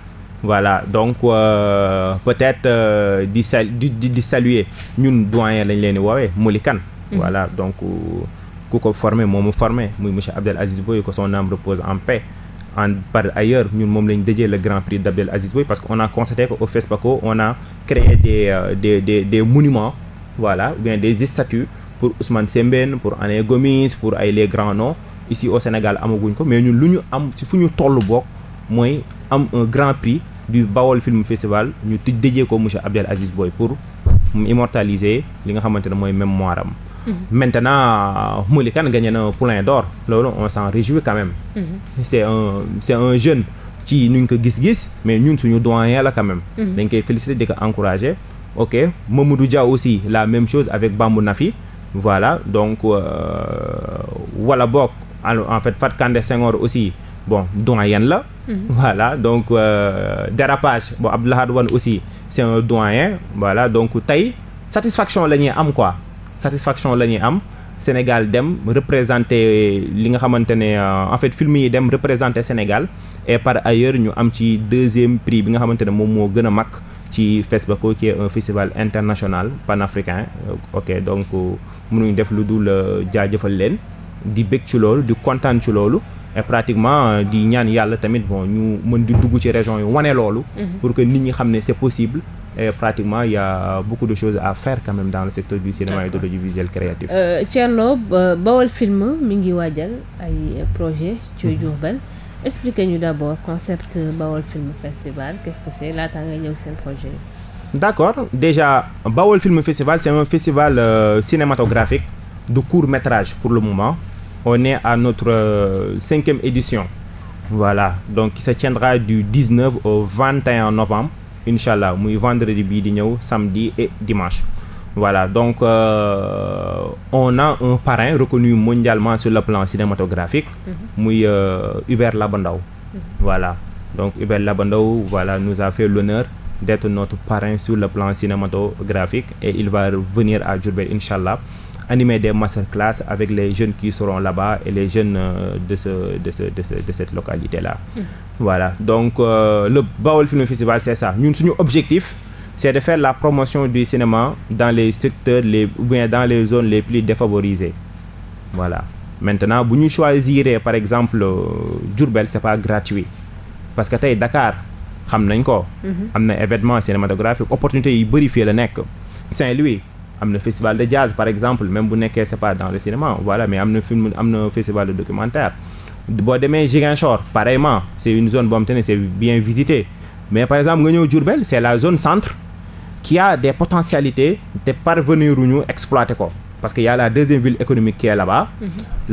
voilà donc euh, peut-être euh, di sal di di saluer ñun doyen lañ leen di woowee Moli Kane mhm. voilà donc euh, ku ko forme formé moomu formé muy monsieur Abdel Aziz Boye que son âme repose en paix en par ailleurs ñun moom lañ déjee le grand prix d'Abdel Aziz Boye parce que on a constaté que au FESPACO on a créé des euh, des des des monuments voilà ou bien des statues pour Ousmane Sembène pour Ané Gomis pour ay les grands noms ici au Sénégal amaguñ ko mais ñun lu ñu am si fu ñu toll bokk mooy am un grand prix du Bawol Film Festival ñu tëj dëjee ko monsieur Abdel Aziz Boy pour mu immortaliser li nga xamante ne mooy mémoire am. Mhm. maintenant Mouli Kane gagné na poulain d'or loolu on s'en réjouit quand même. Mhm. c'est un c'est un jeune ci nuñ ko gis-gis mais ñun suñu doyen la quand mhm. dañ koy féliciter di ko encourager. ok Mamadou jaw aussi la même chose avec Bambou Nafi voilà donc euh, wala boog en fait Fatou Kandé Senghor aussi. bon doyen la. Mhm. voilà donc euh, dérapage bon Abdou Lahad Wane aussi c'est un doyen voilà donc tey satisfaction la ñuy am quoi satisfaction la ñuy am. Sénégal dem représenter li nga xamante ne euh, en fait film yi dem représenter Sénégal et par ailleurs ñu am ci deuxième prix bi nga xamante ne moom moo gën a mag ci FESPACO qui est un festival international panafricain euh, ok donc mënuñ def lu dul jaajëfal leen di bég ci loolu di kontaan ci loolu et pratiquement euh, di ñaan yàlla tamit bon ñu mën di dugg ci région yi wane loolu mhm. pour que nit ñi xam ne c'est possible et pratiquement il beaucoup de choses à faire quand même dans le secteur du cinéma et de l'audiovisuel créatif euh, Thierno Baol Film mi ngi waajal ay projet ci mhm. Diourbel ce que c'est laata nga ñëw seen projet yi d'accord déjà Baol Film Festival c'est un festival euh, cinématographique de court métrage pour le moment on est à notre euh, cinquième édition voilà donc qui se tiendra du 19 au 21 novembre incha muy vendredi bii di ñëw samedi et dimanche voilà donc euh, on a un parrain reconnu mondialement sur le plan cinématographique mm-hmm. muy mm -hmm. Hubert euh, voilà donc Hubert Labandaw voilà nous a fait l'honneur d'être notre parrain sur le plan cinématographique et il va revenir à Diourbel incha allah animer des masterclass avec les jeunes qui seront là-bas et les jeunes euh, de ce de ce de cette localité là. Mm. voilà donc euh, le Baol Film Festival c'est ça ñun suñu objectif. c'est de faire la promotion du cinéma dans les secteurs les ou bien dans les zones les plus défavorisées voilà maintenant bu ñu choisir par exemple euh, Diourbel c'est pas gratuit parce que tey Dakar xam nañ ko. Mm-hmm. am na événement cinématographique opportunité yi bëri la nekk Saint-Louis. am na festival de jazz par exemple même bu nekkee c'est pas dans le cinéma voilà mais am na film am na festival de documentaire boo demee Ziguinchor pareillement c'est une zone boo xam te ne c'est bien visité mais par exemple nga ñëw Diourbel c'est la zone centre qui a des potentialités te parvenir ñu exploiter ko parce que a la deuxième ville économique qui est là-bas mm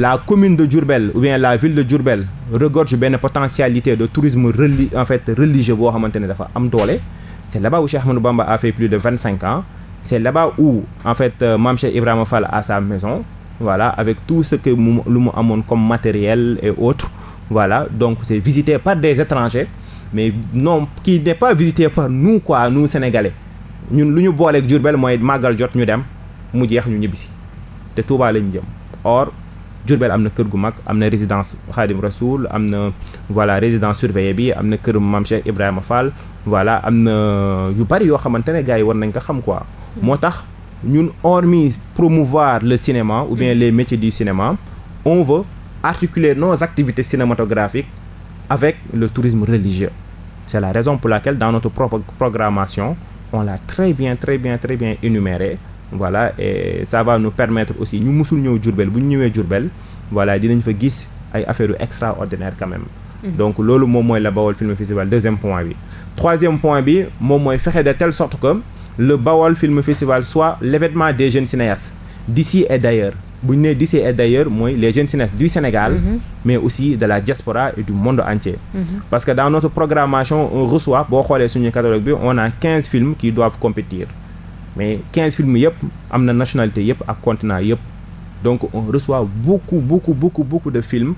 la commune de Diourbel ou bien la ville de Diourbel regorge benn potentialité de tourisme reli en fait religieux boo xamante ne dafa am doole c'est là-bas où Cheikh Ahmadou Bamba de vingt-cinq c'est là-bas où en fait euh, Mame Cheikh Ibrahima Fall a sa maison voilà avec tout ce que mu lu mu amoon comme matériel et autres voilà donc c'est visité par des étrangers mais non qui n'est pas visité par nous quoi nous sénégalais ñun lu ñu booleek Diourbel mooy màggal jot ñu dem mu jeex ñu ñibbisi te Touba lañ jëm or Diourbel am na kër gu mag am na résidence Khadim Rasoul am na voilà résidence surveillée bi am na kër Mame Ibrahima Fall voilà am na euh, yu bari yoo xamante ne gars yi war nañ ko xam quoi moo tax ñun hormis promouvoir le cinéma ou bien les métiers du cinéma on veut articuler nos activités cinématographiques avec le tourisme religieux c'est la raison pour laquelle dans notre propre programmation on l'a très bien très bien très bien énuméré voilà et ça va nous permettre aussi ñu mosul ñëw Jurbel bu ñu ñëwee Jurbel voilà dinañ fa gis ay affaires yu extraordinaire quand même mm-hmm. donc loolu moom mooy la Baol Film Festival deuxième point bi troisième point bi moom mooy fexe de telle sorte que le Bawal Film Festival soit l'événement des jeunes cinéastes d'ici et d'ailleurs bu ñu nee d'ici et d'ailleurs mooy les jeunes cinéastes du Sénégal. Mhm. mais aussi de la diaspora et du monde entier. Mhm. parce que dans notre programmation on reçoit boo xoolee suñu catalogue bi on a quinze films qui doivent compétir mais quinze films yëpp am na nationalité yëpp ak continent yëpp donc on reçoit beaucoup beaucoup beaucoup beaucoup de films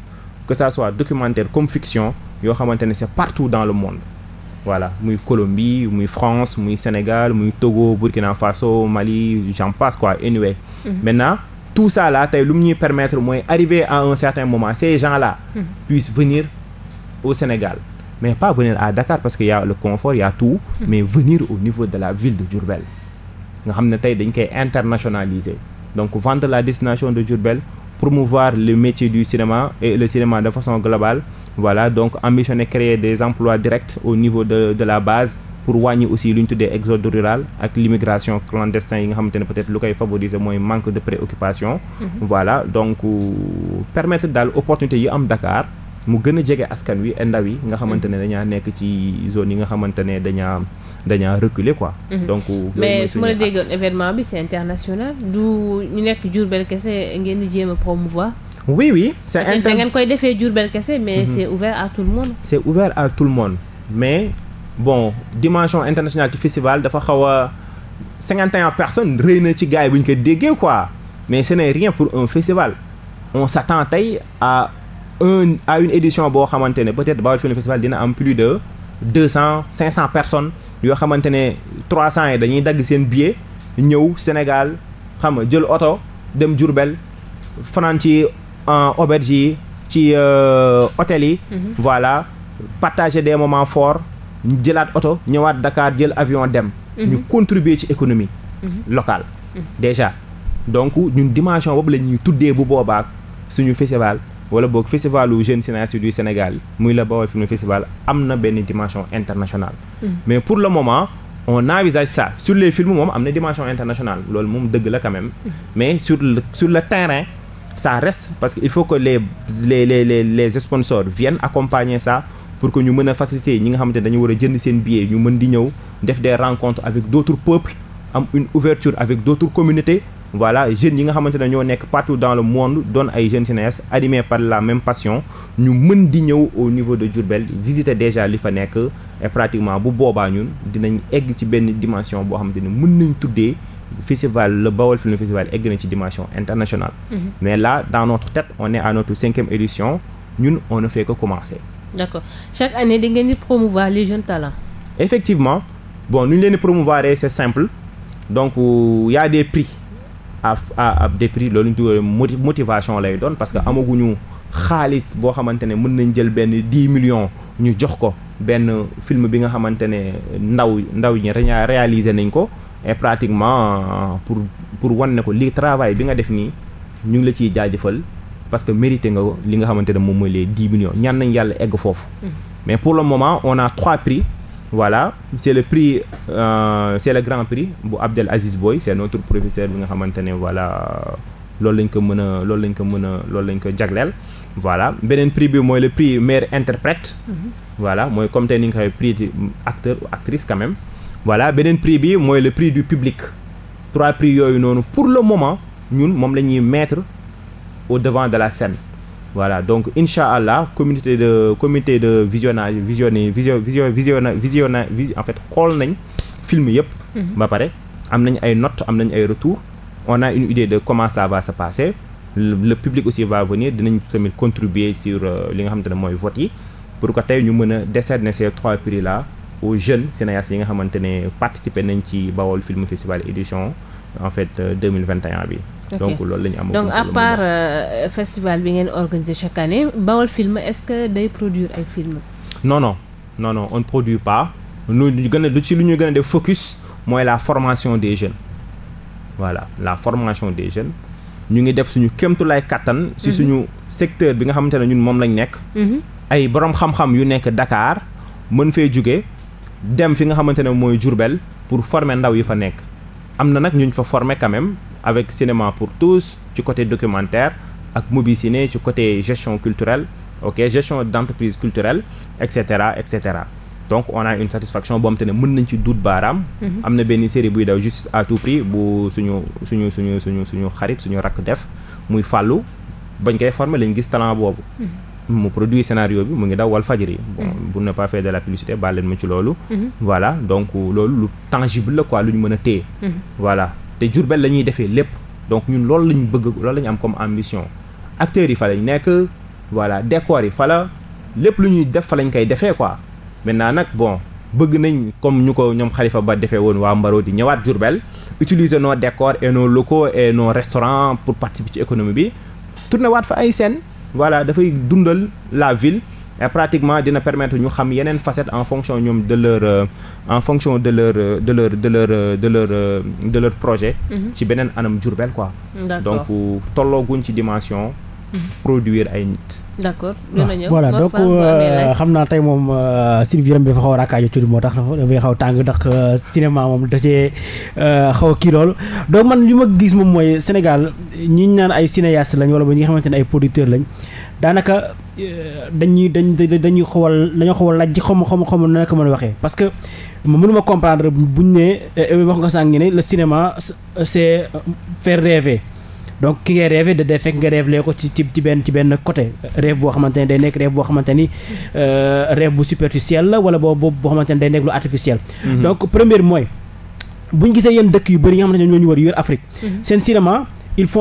que ça soit documentaire comme fiction yoo xamante ne c'est partout dans le monde. voilà muy Colombie muy France muy Sénégal muy Togo Burkina Faso Mali j'en passe quoi anyway mm -hmm. maintenant tout ça la tey lu mu ñuy permettre mooy arriver à un certain moment ces gens là mm -hmm. venir au Sénégal mais pas venir à Dakar parce que y a le confort y a tout mhm. mais venir au niveau de la ville de Diourbel nga xam ne tey dañ koy internationaliser donc vendre la destination de Diourbel promouvoir le métier du cinéma et le cinéma de façon globale voilà donc ambitionner créer des emplois directs au niveau de la base pour wàññi aussi lu ñu tuddee exode rural ak l'immigration clandestine yi nga xamante ne peut-être lu koy favoriser mooy manque de préoccupation mhm. voilà donc euh, permettre daal opportunité yi am Dakar mu gën a jege askan wi ndaw yi nga xamante ne mm-hmm. dañaa nekk ci zone yi nga xamante ne dañaa dañaa reculer quoi. Mm-hmm. donc mais su ma la déggoon événement bi c'est international du ñu nekk Diourbel kese ngeen di jéem a promouvoir. oui oui c'est inter da ngeen koy defee Diourbel kese mais mm-hmm. c'est ouvert à tout le monde. c'est ouvert à tout le monde mais bon dimension internationale ci festival dafa xaw a 51 personne rëy na ci gars yi bu ñu ko déggee quoi mais ce pour un festival un à une édition boo xamante ne peut-être Baol Film Festival dina am plus de deux cent cinq cent personnes yoo xamante ne trois cent yi dañuy dagg seen billet ñëw Sénégal xam nga jël oto dem Diourbel fanaan ci euh, auberge yi ci euh, hôtel yi. Mhm. voilà partager des moments forts jëlaat oto ñëwaat Dakar jël avion dem. Mhm. ñu contribuer ci économie. Mhm. locale déjà donc ñun dimension boobu la ñuy tuddee bu boobaa suñu festival. wala boog festivalu jeune cinéaste du Sénégal muy la Baol Film Festival am na benn dimension internationale. Mm. mais pour le moment on envisage ça sur les films moom am na dimension internationale loolu moom dëgg la quand même. Mm. mais sur le sur le terrain. ça reste parce que il faut que les les les les sponsors viennent accompagner ça pour que ñu mën a faciliter ñi nga xam ne dañu war a jënd seen billet ñu mën di ñëw def des rencontres avec d' autres peuples am une ouverture avec d' autres voilà jeunes yi nga xamante ne ñoo nekk partout dans le monde doon ay jeunes cinéastes animés par la même passion ñu mën di ñëw au niveau de Diourbel visiter déjà li fa nekk et pratiquement bu boobaa ñun dinañ egg ci benn dimension boo xamante ni mën nañ tuddee festival le Baol Film Festival egg na ci dimension international Mm -hmm. mais là dans notre tête on est à notre cinquième édition ñun on ne fait que commencer. d'accord chaque année da ngeen di promouvoir les jeunes talents. effectivement bon nu ñu leen di promouvoir c'est simple donc euh, a des prix. à à des prix loolu ñu tuddee motivation lay doon parce amaguñu xaalis boo xamante ne mën nañ jël benn dix millions ñu jox ko benn film bi nga xamante ne ndaw ndaw ñi réaliser nañ ko e pratiquement pour pour wan ne ko li travail bi nga def nii ñu ngi la ciy jaajëfal parce que mérité nga li nga xamante ne moom mooy les dix millions ñaan nañ yàlla egg foofu mm. mais pour le moment on a trois prix voilà c'est le prix euh, c'est le grand prix bu Abdel Aziz Boy c'est notre professeur bi nga xamante ne voilà loolu lañ ko mën a loolu lañ ko mën a loolu lañ ko jagleel voilà beneen prix bi mooy le prix maire interprète mhm. voilà mooy comme tey ni nga ko prix acteur ou actrice quand même voilà beneen prix bi mooy le prix du public trois prix yooyu noonu pour le moment ñun moom la ñuy mettre au devant de la scène voilà donc incha allah communauté de comité de visionnage visionné vision vision visionna en fait xool nañ film yëpp. Mhm. ba pare am nañ ay notes am nañ ay retours on a une idée de comment ça va se passer le public aussi va venir dinañ tamit contribuer sur euh, li nga xamante ne mooy vote yi pour que tey ñu mën a décerner ces trois prix là aux jeunes cinéastes yi nga xamante ne participer nañ ci Bawol Film Festival édition en fait 2021 euh, bi. donc loolu la ñu am. donc à part euh, festival bi ngeen organisé chaque année Baol Film est-ce que day produire ay film non non on produit pas lu ñu gën a lu ci lu ñu gën a def focus mooy la formation des jeunes voilà la formation des jeunes ñu ngi def suñu kéemtulaay kattan. si mhm. suñu secteur bi nga xamante ne ñun moom lañ nekk. Mhm. ay borom xam-xam yu nekk dakaar mën fee jóge dem fi nga xamante ne mooy Diourbel pour former ndaw yi fa nekk am na nag ñu fa former avec cinéma pour tous ci côté documentaire ak Mobi Ciné ci côté gestion culturelle ok gestion d'entreprise culturelle et cetera et cetera donc on a une satisfaction boo xam te ne mën nañ ci duut baaraam. Mhm. am na benn série buy daw justice à tout prix bu suñu suñu suñu suñu suñu xarit suñu rakk def muy fàllu bañ koy forme lañ gis talent boobu. Mhm. mu produit scénario bi mu ngi daw wal fajiri bon pour mhm. ne pas faire de la publicité baal leen ma ci loolu. voilà donc loolu lu tangible la quoi lu ñu mën a téye. te Diourbel la ñuy defee lépp donc ñun loolu lañu bëgg loolu la ñu am comme ambition acteurs yi fa lañ nekk voilà décor yi fa la lépp lu ñuy def fa lañ koy defee quoi maintenant nag bon bëgg nañ comme ñu ko ñoom xalifa Ba defee woon waa Mbaro di ñëwaat Diourbel utiliser no décors et nos locaux et nos restaurants pour participer ci économie bi tourné fa ay scène voilà dafay dundal la ville et euh, pratiquement dina permettre ñu xam yeneen facette en fonction ñoom de leur euh, en fonction de leur euh, de leur de leur de leur de projet mhm. ci beneen anam Diourbel quoi donc tollooguñ ci dimension mhm. produire ay nit d'accord voilà donc xam naa tey moom Sylvie yaram bi dafa xaw a raakaajo tuuti moo tax dafay xaw tàng ndax cinéma moom da cee xaw a kii lool donc man li ma gis moom mooy Sénégal ñi ñu naan ay cinéastes lañ wala ba ñi nga xamante ne ay producteurs lañ daanaka dañuy dañ dañuy xawal dañoo xawal laaj ji xawma xawma xawma na ko mën waxee parce que mënuma comprendre buñ ne eh, wax nga sànq ne le cinéma c'est faire rêver donc ki ngay rêver da dee fekk nga rêve lee ko ci ci ci benn ci benn côté rêve boo xamante ne day nekk rêve boo xamante ni euh, rêve bu superficiel la wala boo boo xamante ne day nekk lu artificiel mhm. donc première mooy buñ gisee yenn dëkk yu bëri yi nga xamante ne ñoo ñu war yu wër Afrique mhm. seen cinéma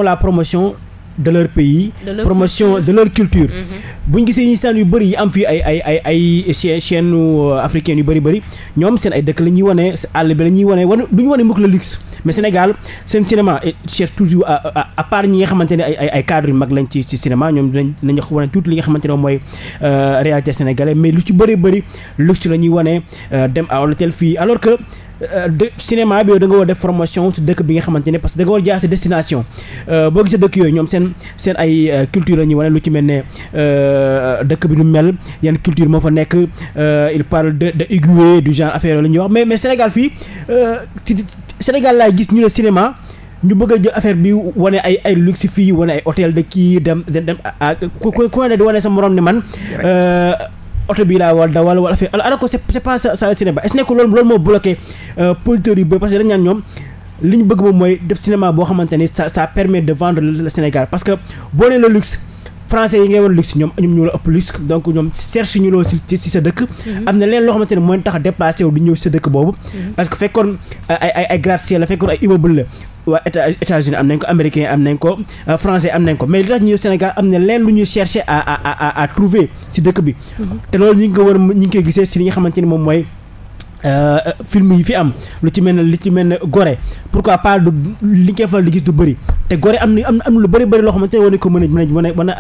la promotion de leur pays promotion de leur culture mm-hmm. buñ gisee ñu saan yu bëri yi am fii ay ay ay ay chaîne chaîne euh, yu bari bëri ñoom seen ay dëkk la ñuy wane àll bi la ñuy wane wane du ñu wane mukk la luxe mais Sénégal seen cinéma cherche toujours à part ñi nga xamante ne ay ay cadre yu mag lañ ci ci cinéma ñoom dinañ dinañ wane tuuti li nga xamante ne mooy euh, réalité sénégalaise mais lu ci bëri bëri luxe la ñuy wane euh, dem à fii alors que Euh, de cinéma bi yow da nga war def formation si dëkk bi nga xamante ne parce que da nga si destination euh, boo gisee dëkk yooyu ñoom seen seen ay euh, culture la ñuy wane lu ci mel ne dëkk bi nu mel yan culture moo fa nekk il parle du genre affaire la ñuy wax mais mais Sénégal fii Sénégal laay gis ñu ne ñu bëgg a bi wane ay ay luxe fii wane ay hôtel de kii dem dem ku ku ne di wane sa morom ne man. oto bi laa war dawal wala affaire alors que c'est pas ça ça le cinéma loolu loolu moo bloqué euh, producteurs yu bëri parce que dañ naan ñoom li ñu bëgg moom mooy def cinéma boo xamante ni permet de vendre le Sénégal parce que boo nee le luxe français yi ngay woon luxe ñoom ñoom ñoo la ëpp luxe donc ñoom cherche ñu loolu ci sa dëkk. Mm-hmm. am na leen loo xamante ne mooy tax déplacé wu di ñëw ci sa dëkk boobu. Mm-hmm. parce que fekkoon ay ay ay gratte-ciel la fekkoon ay immeuble la waa état États-Unis am nañ ko américain am nañ ko euh, français am nañ ko mais li tax ñuy Sénégal am na leen lu ñuy chercher à trouver si dëkk bi. Mhm. te loolu ñu ngi ko war ñu ngi koy gisee si li nga xamante ni moom mooy. Euh, film yi fi am lu ci mel ne li ci mel ne gore pourquoi pas du li nga koy faral gis du bëri te gore am na am na lu bëri bëri loo xamante ne war nañ ko mën a mën a mën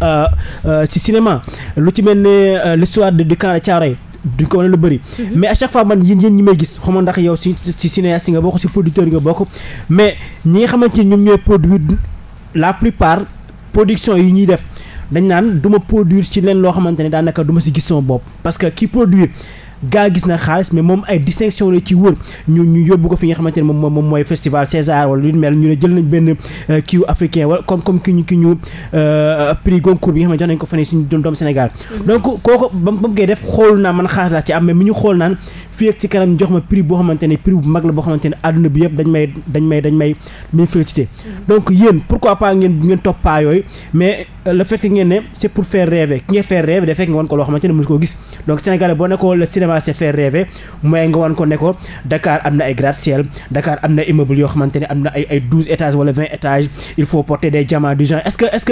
a euh, ci cinéma lu ci mel ne l'histoire du camp de Thiaroye duñ ko wane lu bëri mhm. mais à chaque fois man yéen yéen ñi may gis xamoon ndax yow si si cinéaste nga bokk si producteur nga bokk mais ñi nga xamante ni ñoom ñooy produire la plupart production yi ñuy def dañ naan du ma produire ci leen loo xamante ne daanaka du ma si gis sama bopp parce que ki produire gaa gis na xaalis mais moom ay distinction la ci wër ñu ñu yóbbu ko fi nga xamante ne moom moom mooy festival César wala lu mel ñu ne jël nañ benn euh, kiiw africain wala comme comme ki ñu ki ñu euh, prix Goncourt bi nga xamante ko mu mm-hmm. ñu xool naan fii ak ci kanam jox ma prix boo xamante ne bu mag la boo xamante àdduna bi yëpp dañ may dañ may dañ may may félicité mm-hmm. donc yéen pourquoi pas ngeen ngeen mais euh, le fait ngeen ne c'est pour faire commencé faire rêver mooy nga wan ko ne ko Dakar am na ay gratte-ciel Dakar am na immeuble yoo xamante am na ay ay douze étages wala vingt étages il faut porter des diamants du genre est-ce est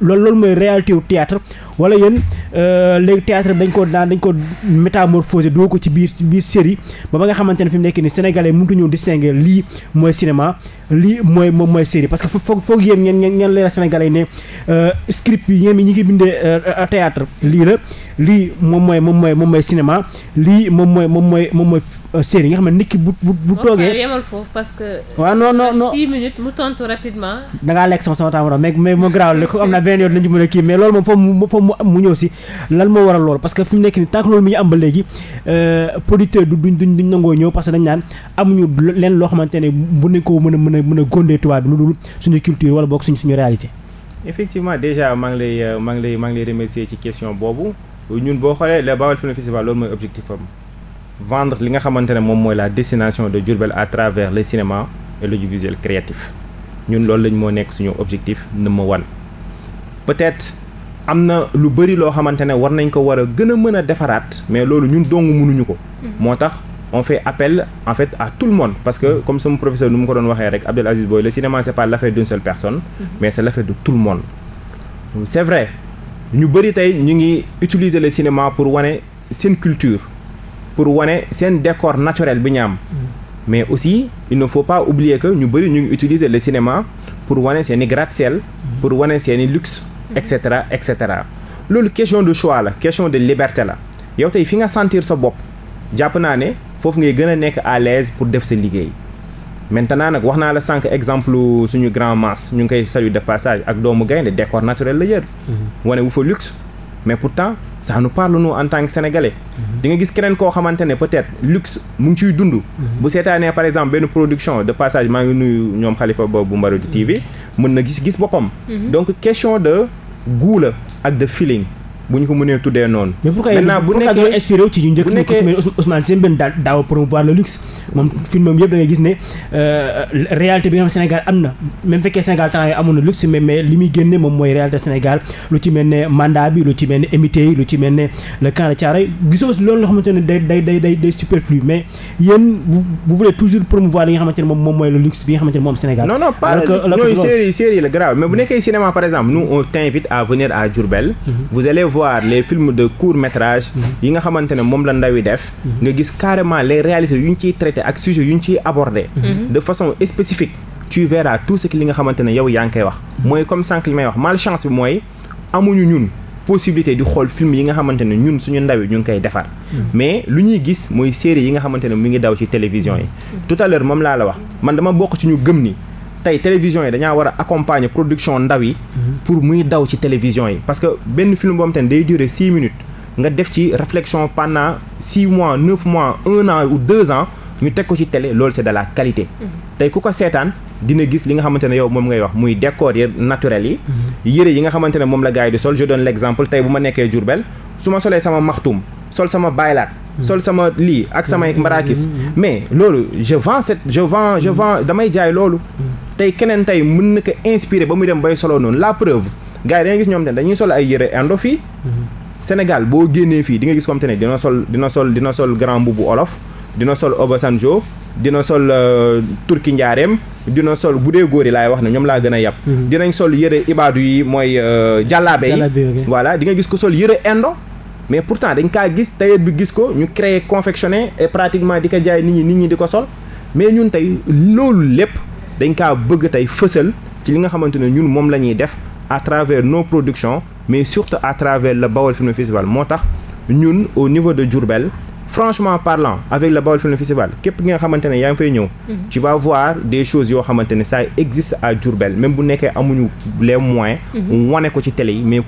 loolu loolu mooy réalité théâtre wala yéen euh, léegi théâtre dañ ko daan dañ ko métamorphosé doo ko ci biir ci biir série ba ba nga xamante ne fi mu nekk nii sénégalais mënut ñëw distinguer lii mooy cinéma lii mooy mooy série parce que foog foog yéen ngeen ngeen leeral sénégalais lii moom mooy moom mooy moom mooy cinéma lii moom mooy moom mooy moom mooy euh, série yi nga xam ne nit ki bu bu bu toogee. yemal foofu parce que. waaw non non non 6 minutes mu tontu rapidement. da ngaa lekk sama sama temps mais mais ma garaaw la ko am na benn yoon lañu mën a kii mais loolu moom foofu mu foofu mu ñëw si lan moo waral loolu parce que fi mu nekk nii tant que loolu mi ñu am ba léegi euh, producteur du duñ duñ duñ nangoo ñëw parce que dañ naan amuñu leen loo xamante ne bu nañ ko mën a mën a mën a góndee tubaab bi lu dul suñu culture wala boog suñu suñu réalité effectivement déjà maa ngi lay maa ngi lay maa ngi lay remercier ci question boobu ñun boo xoolee le Baol Film Festival loolu mooy objectif am vendre li nga xamante ne moom mooy la destination de Diourbel à travers le cinéma et l'audiovisuel ñun loolu lañ moo nekk suñu objectif number one peut-être am na lu bëri loo xamante ne war nañ ko war a gën a mën a defaraat mais loolu ñun dong mënuñu ko mm-hmm. moo tax on fait appel en fait à tout le monde parce que comme sama professeur nu mu ko doon waxee rek Abdel Aziz Boye le cinéma c'est pas l'affaire d'une seule personne mm-hmm. mais c'est ñu bëri tey ñu ngi utiliser le cinéma pour wane seen culture pour wane seen décor naturel bi ñaam mm. mais aussi il ne faut pas oublier que ñu bëri ñu ngi utiliser le cinéma pour wane seen i gratte-ciel mm. pour wane seen i luxe mm-hmm. et cetera et cetera loolu question de choix la question de liberté la yow tey fi nga sentir sa bopp jàpp naa ne foofu ngay gën a nekk à l'aise pour def sa liggéey maintenant nag wax naa la sànq exemple suñu grand masse ñu ngi koy salut de passage ak doomu gaynde décor naturel la yër mhm. wane wu fa luxe mais pourtant ça nous parle nous en tant que sénégalais mhm. di nga gis keneen koo xamante ne peut-être luxe mu ngi ciy dund mhm. bu seetaanee par exemple benn production de passage maa ngi nuyu ñoom xalifa boobu mbaru du TV mën na gis gis boppam donc question de goût ak de feeling bu ñu ko mënee tuddee noonu. maintenant bu nekkee mais pourquoi inspiré wu ci ñu njëkk. bu nekkee ne Ousmane benn daaw promouvoir na même fekkee Sénégal temps li muy génne moom mooy réalité Sénégal lu ci mel ne mandat bi lu ci mel ne émité yi lu ci mel ne le camp de Thiaroye gisoo ne day day day moom moom mooy le luxe bi nga xamante la grave mais bu nekkee cinéma par exemple nous on t'invite à venir à Diourbel. Mhm. vous allez voir les films de court métrage mhm. yi nga xamante ne moom la ndawi def mhm. nga gis carrément les réalités yu ñu ciy traité ak sujet yu ñu ciy abordé mhm. de façon spécifique tu verras tout li nga xamante ne yow yaa ngi koy wax mooy comme sànq li may wax malchance bi mooy amuñu ñun possibilité di xool film yi nga xamante ne ñun suñu ndaw yi ñu ngi koy defar mais lu ñuy gis mooy série yi nga xamante ne mu ngi daw ci télévision yi tout à moom laa la wax man dama bokk ci ñu gëm ni tey télévision yi dañaa war a accompagner production ndaw yi. pour muy daw ci télévision yi. parce que benn film boo xam te day durer six minutes nga def ci réflexion pendant six mois neuf mois un an ou deux ans ñu teg ko ci télé loolu c'est la qualité. tey ku ko seetaan dina gis li nga xamante ne yow moom ngay wax muy décor yi naturel yi. yére yi nga xamante ne moom la gars yi di sol je donne l'exemple tey bu ma nekkee Diourbel su ma solee sama maxtum sol sama baylaat. sol sama lii ak samay mbarakis mais loolu je vends cette je vends je damay jaay loolu. tey keneen tey mën na ko inspiré ba muy dem bay solo noonu la preuve gars yi da gis ñoom te dañuy sol ay yëre indo fii Sénégal boo génnee fii di nga gis ne dina sol dina sol dina sol grand mbubu olof dina sol Obasanjo dina sol euh, turki njaareem dina sol bu dee góor yi laay wax ne ñoom laa gën a yàpp mhm. dinañ sol yëre ibaadu yi mooy euh, jàllaabe yi voilà di nga gis ko sol yëre indo mais pourtant dañ kaa gis tailleur bi gis ko ñu créer confectionné et pratiquement di ko jaay nit ñi nit ñi di ko sol mais ñun tey loolu lépp dañ ka bëgg tey fësal ci li nga xamante ne ñun moom la ñuy def à travers nos productions mais surtout à travers le Bawol Film Festival moo tax ñun au niveau de Diourbel franchement parlant avec le Baol Film Festival képp ki nga yaa ngi fay ñëw. Mhm. tu vas voir des choses yoo xamante ne existe à Diourbel même bu nekkee amuñu les moyens. Mhm. wane ko ci télé yi mais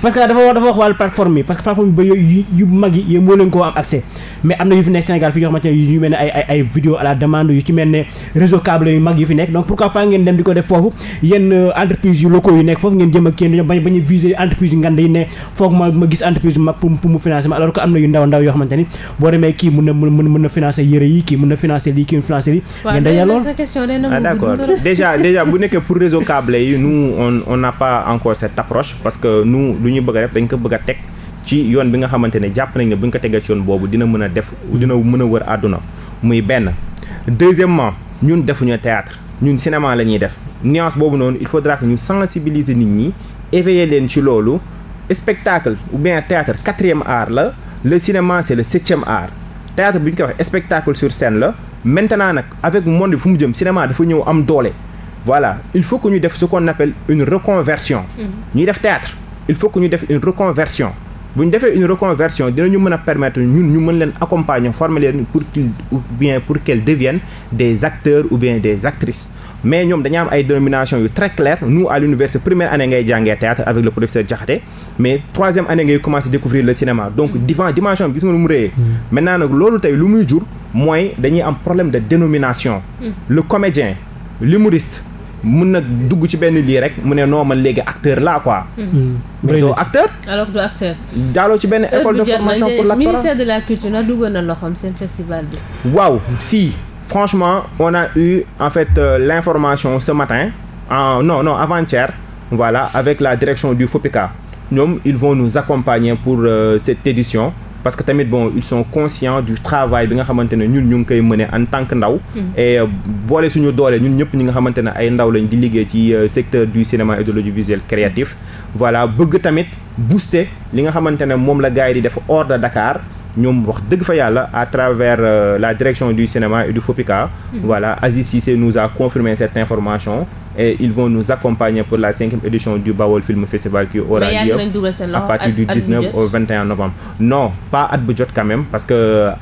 parce que dafa dafa wax wàllu parce que plateforme ba yu mag yi moo leen koo am accès mais am na yu fi nekk Sénégal fi yu mel ne ay ay la demande yu ci mel ne réseau câble yu mag yu fi nekk donc pourquoi pas ngeen dem di ko def foofu yenn euh, entreprise yu locaux yu nekk foofu ngeen jëm ak yéen bañ bañ a viser entreprise yu ngand yi ne foog ma gis entreprise bu mag pour mu ma alors que am na yu ndaw ndaw yoo xamante ni boo demee kii mën na mën mën na financer yére yi kii mën na financer lii kii mën financer lii ngeen dajee lool ah d'accord déjà déjà bu nekkee pour réseau câble yi nous on parce que nous lu ñu bëgg a ko bëgg teg ci yoon bi nga xamante ne jàpp nañ ne bu ñu ko tegee ci yoon boobu dina mën a def dina mën a wër àdduna muy benn deuxièmement ñun defuñu théâtre ñun cinéma la ñuy def nuance boobu noonu il faudra que ñu sensibiliser nit ñi éveiller leen ci loolu spectacle ou bien théâtre quatrième art la le cinéma c'est le septième art théâtre bi ñu ko waxee spectacle sur scène la maintenant nag avec monde bi fu mu jëm cinéma dafa ñëw am doole voilà il faut que ñu def ce qu'on appelle une reconversion mm-hmm. ñuy def théâtre il faut que ñu def une reconversion bu ñu defee une reconversion dinañu mën a permettre ñun ñu mën leen accompagner former leen pour qu'ils ou bien pour qu'elles deviennent des acteurs ou bien des actrices mais ñoom dañu am ay dénomination yu très claire nous à l'université première année ngay jàngee théâtre avec le professeur Diakhaté mais troisième année ngay commencer découvrir le cinéma donc mm. divan dimension bi gis nga lu mu rëyee mm. maintenant nag loolu tey lu muy jur mooy dañuy am problème de dénomination mm. le comédien l'humoriste mun na dugg ci benn lii rek mu ne non man léegi acteur laa quoi. Hmm. mais hmm. doo acteur. alors ci benn école de formation pour l'actorat ministère de la culture na duggoon na loxoom seen festival bi. waaw si franchement on a eu en fait euh, l'information ce matin euh, non non avant voilà avec la direction du FOPICA ñoom ils vont nous accompagner pour euh, cette édition. parce que tamit bon ils sont conscients du travail bi nga xamante ne ñun ñu ngi koy mëne en tant que ndaw hmm. et euh, boole suñu doolee ñun ñëpp ñi nga xamante ne ay ndaw lañ di liggéey ci euh, secteur du cinéma et de l'audiovisuel créatif voilà bëgg tamit booster li nga xamante ne moom la gars yi di def hors de Dakar ñoom wax dégg fa yàlla à travers euh, la direction du cinéma et du FOPICA. Mmh. voilà Aziz Cissé nous a confirmé cette information. et ils vont nous accompagner pour la cinquième édition du Bawol Film Festival qui aura lieu à partir du 19 au 21 novembre non pas at bu jot quand même parce que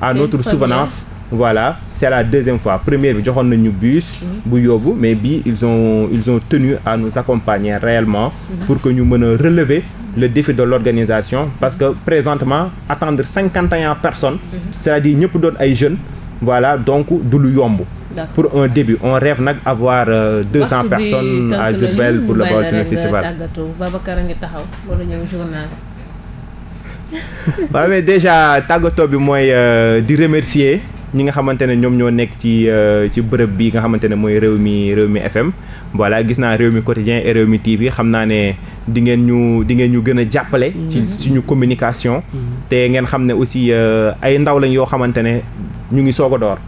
à notre souvenance voilà c'est la deuxième fois première bi joxoon nañu bus hmm. bu yóbbu mais bi ils ont ils ont tenu à nous accompagner réellement hmm. pour que ñu mën a relever le défi de l'organisation parce que présentement attendre cinquante et un personnes mhm. c'est-à-dire ñëpp doon ay jeunes voilà donc du lu yomb pour un début on rêve nag avoir euh, deux cent personnes à Diourbel pour le Baol Film Festival Babacar a ngi taxaw wala ñëw journal waaw mais déjà tàggatoo bi mooy euh, di remercier ñi nga xamante ne ñoom ñoo nekk ci euh, ci bërëb bi nga xamante ne mooy réew mi réew mi FM voilà gis naa réew mi quotidien et réew mi TV xam naa ne dingeen ñu di ngeen ñu gën a jàppale. ci mhm. suñu communication. Mhm. te ngeen xam ne aussi euh, ay ndaw lañ yoo xamante ne ñu ngi soog a door.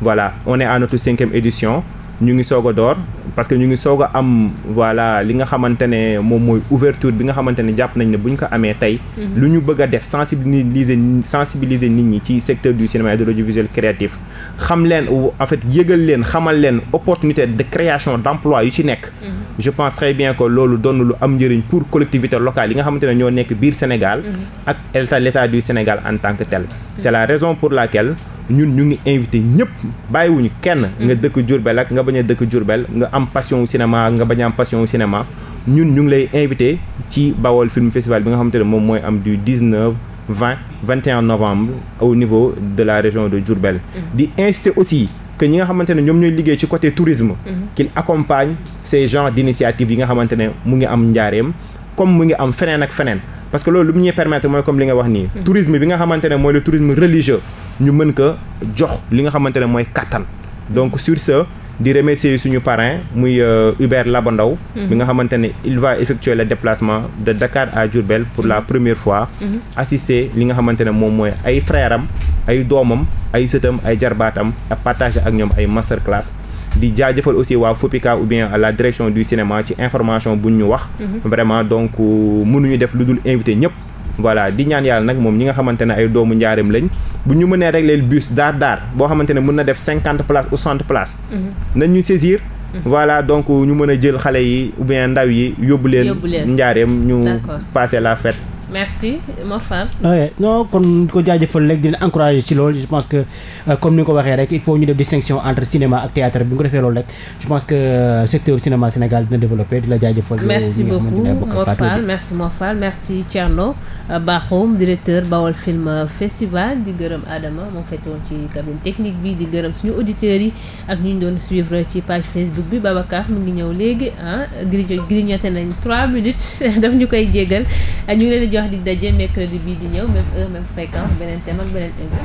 voilà on est à notre cinquième édition. ñu ngi soog a door parce que ñu ngi soog a am voilà li nga xamante ne moom mooy ouverture bi nga xamante ne jàpp nañ ne bu ñu ko amee tey. Mhm. lu ñu bëgg a def sensibiliser sensibiliser nit ñi ci secteur du cinéma et de l'audiovisuel créatif. xam leen en fait yëgal leen xamal leen opportunité de création d'emploi yu ci nekk. Mhm. je pense très bien que loolu doon lu am njëriñ pour collectivité locale yi nga xamante ne ñoo nekk biir Sénégal. Mhm. ak l'état du Sénégal en tant que tel. c'est la raison pour laquelle ñun ñu ngi invité ñëpp bàyyiwuñu kenn mm. nga dëkk Diourbel ak nga bañ dëkk Diourbel nga am passion wu cinéma nga bañ a am passion wu cinéma ñun ñu ngi lay invité ci Bawol Film Festival bi nga xamante ne moom mooy am du 19 20 21 novembre au niveau de la région de Diourbel mm. di incité aussi que ñi nga xamante ne ñoom ñooy liggéey ci côté tourisme mm. qu'il accompagne ces genres d'initiatives yi nga xamante ne mu ngi am njaareem comme mu ngi am feneen ak feneen parce que loolu lu mu ñuy permettre mooy comme li nga wax nii tourisme bi nga xamante ne mooy le tourisme religieux ñu mën ko jox li nga xamante ne mooy kattan donc sur ce di remercier suñu parent muy euh, Hubert Labandaw bi mm-hmm. nga xamante ne il va effectuer le déplacement de Dakar à Diourbel pour la mm-hmm. première fois mm-hmm. assister li nga xamante ne moom mooy ay frère ay doomam ay sëtam ay jarbaatam ak partager ak ñoom ay master class di jaajëfal aussi waa FOPICA ou bien à la direction du cinéma ci information buñ ñu wax vraiment donc euh, mënuñu def lu dul invité ñëpp voilà di ñaan yàlla nag moom ñi nga xamante ne ay doomu njaareem lañ bu ñu mënee rek leen bus daar daar boo xamante ne mën na def cinquante places ou cent places mhm. nañ ñu mhm. voilà donc ñu mën a jël xale yi ou bien ndaw yi yóbbu leen njaareem ñu passer la fête merci Mofar. non kon ko jaajëfal léegi dina encouragé ci loolu je pense que euh, comme ni nga ko waxee rek il faut ñu def distinction entre cinéma ak théâtre bi nga ko defee loolu rek je pense que euh, secteur cinéma Sénégal dina développé di la jaajëfal. merci beaucoup Mofar merci Mofar merci Thierno euh, Bakhoum directeur Bawol Film Festival di gërëm Adama moo fettoon ci cabine technique bi di gërëm suñu auditeurs yi ak ñu doon suivre ci page Facebook bi Babacar mu ngi ñëw léegi ah grignoté nañ 3 minutes daf ñu koy jéggal jox dig daje mercredi bii di ñëw même heure beneen thème ak beneen invité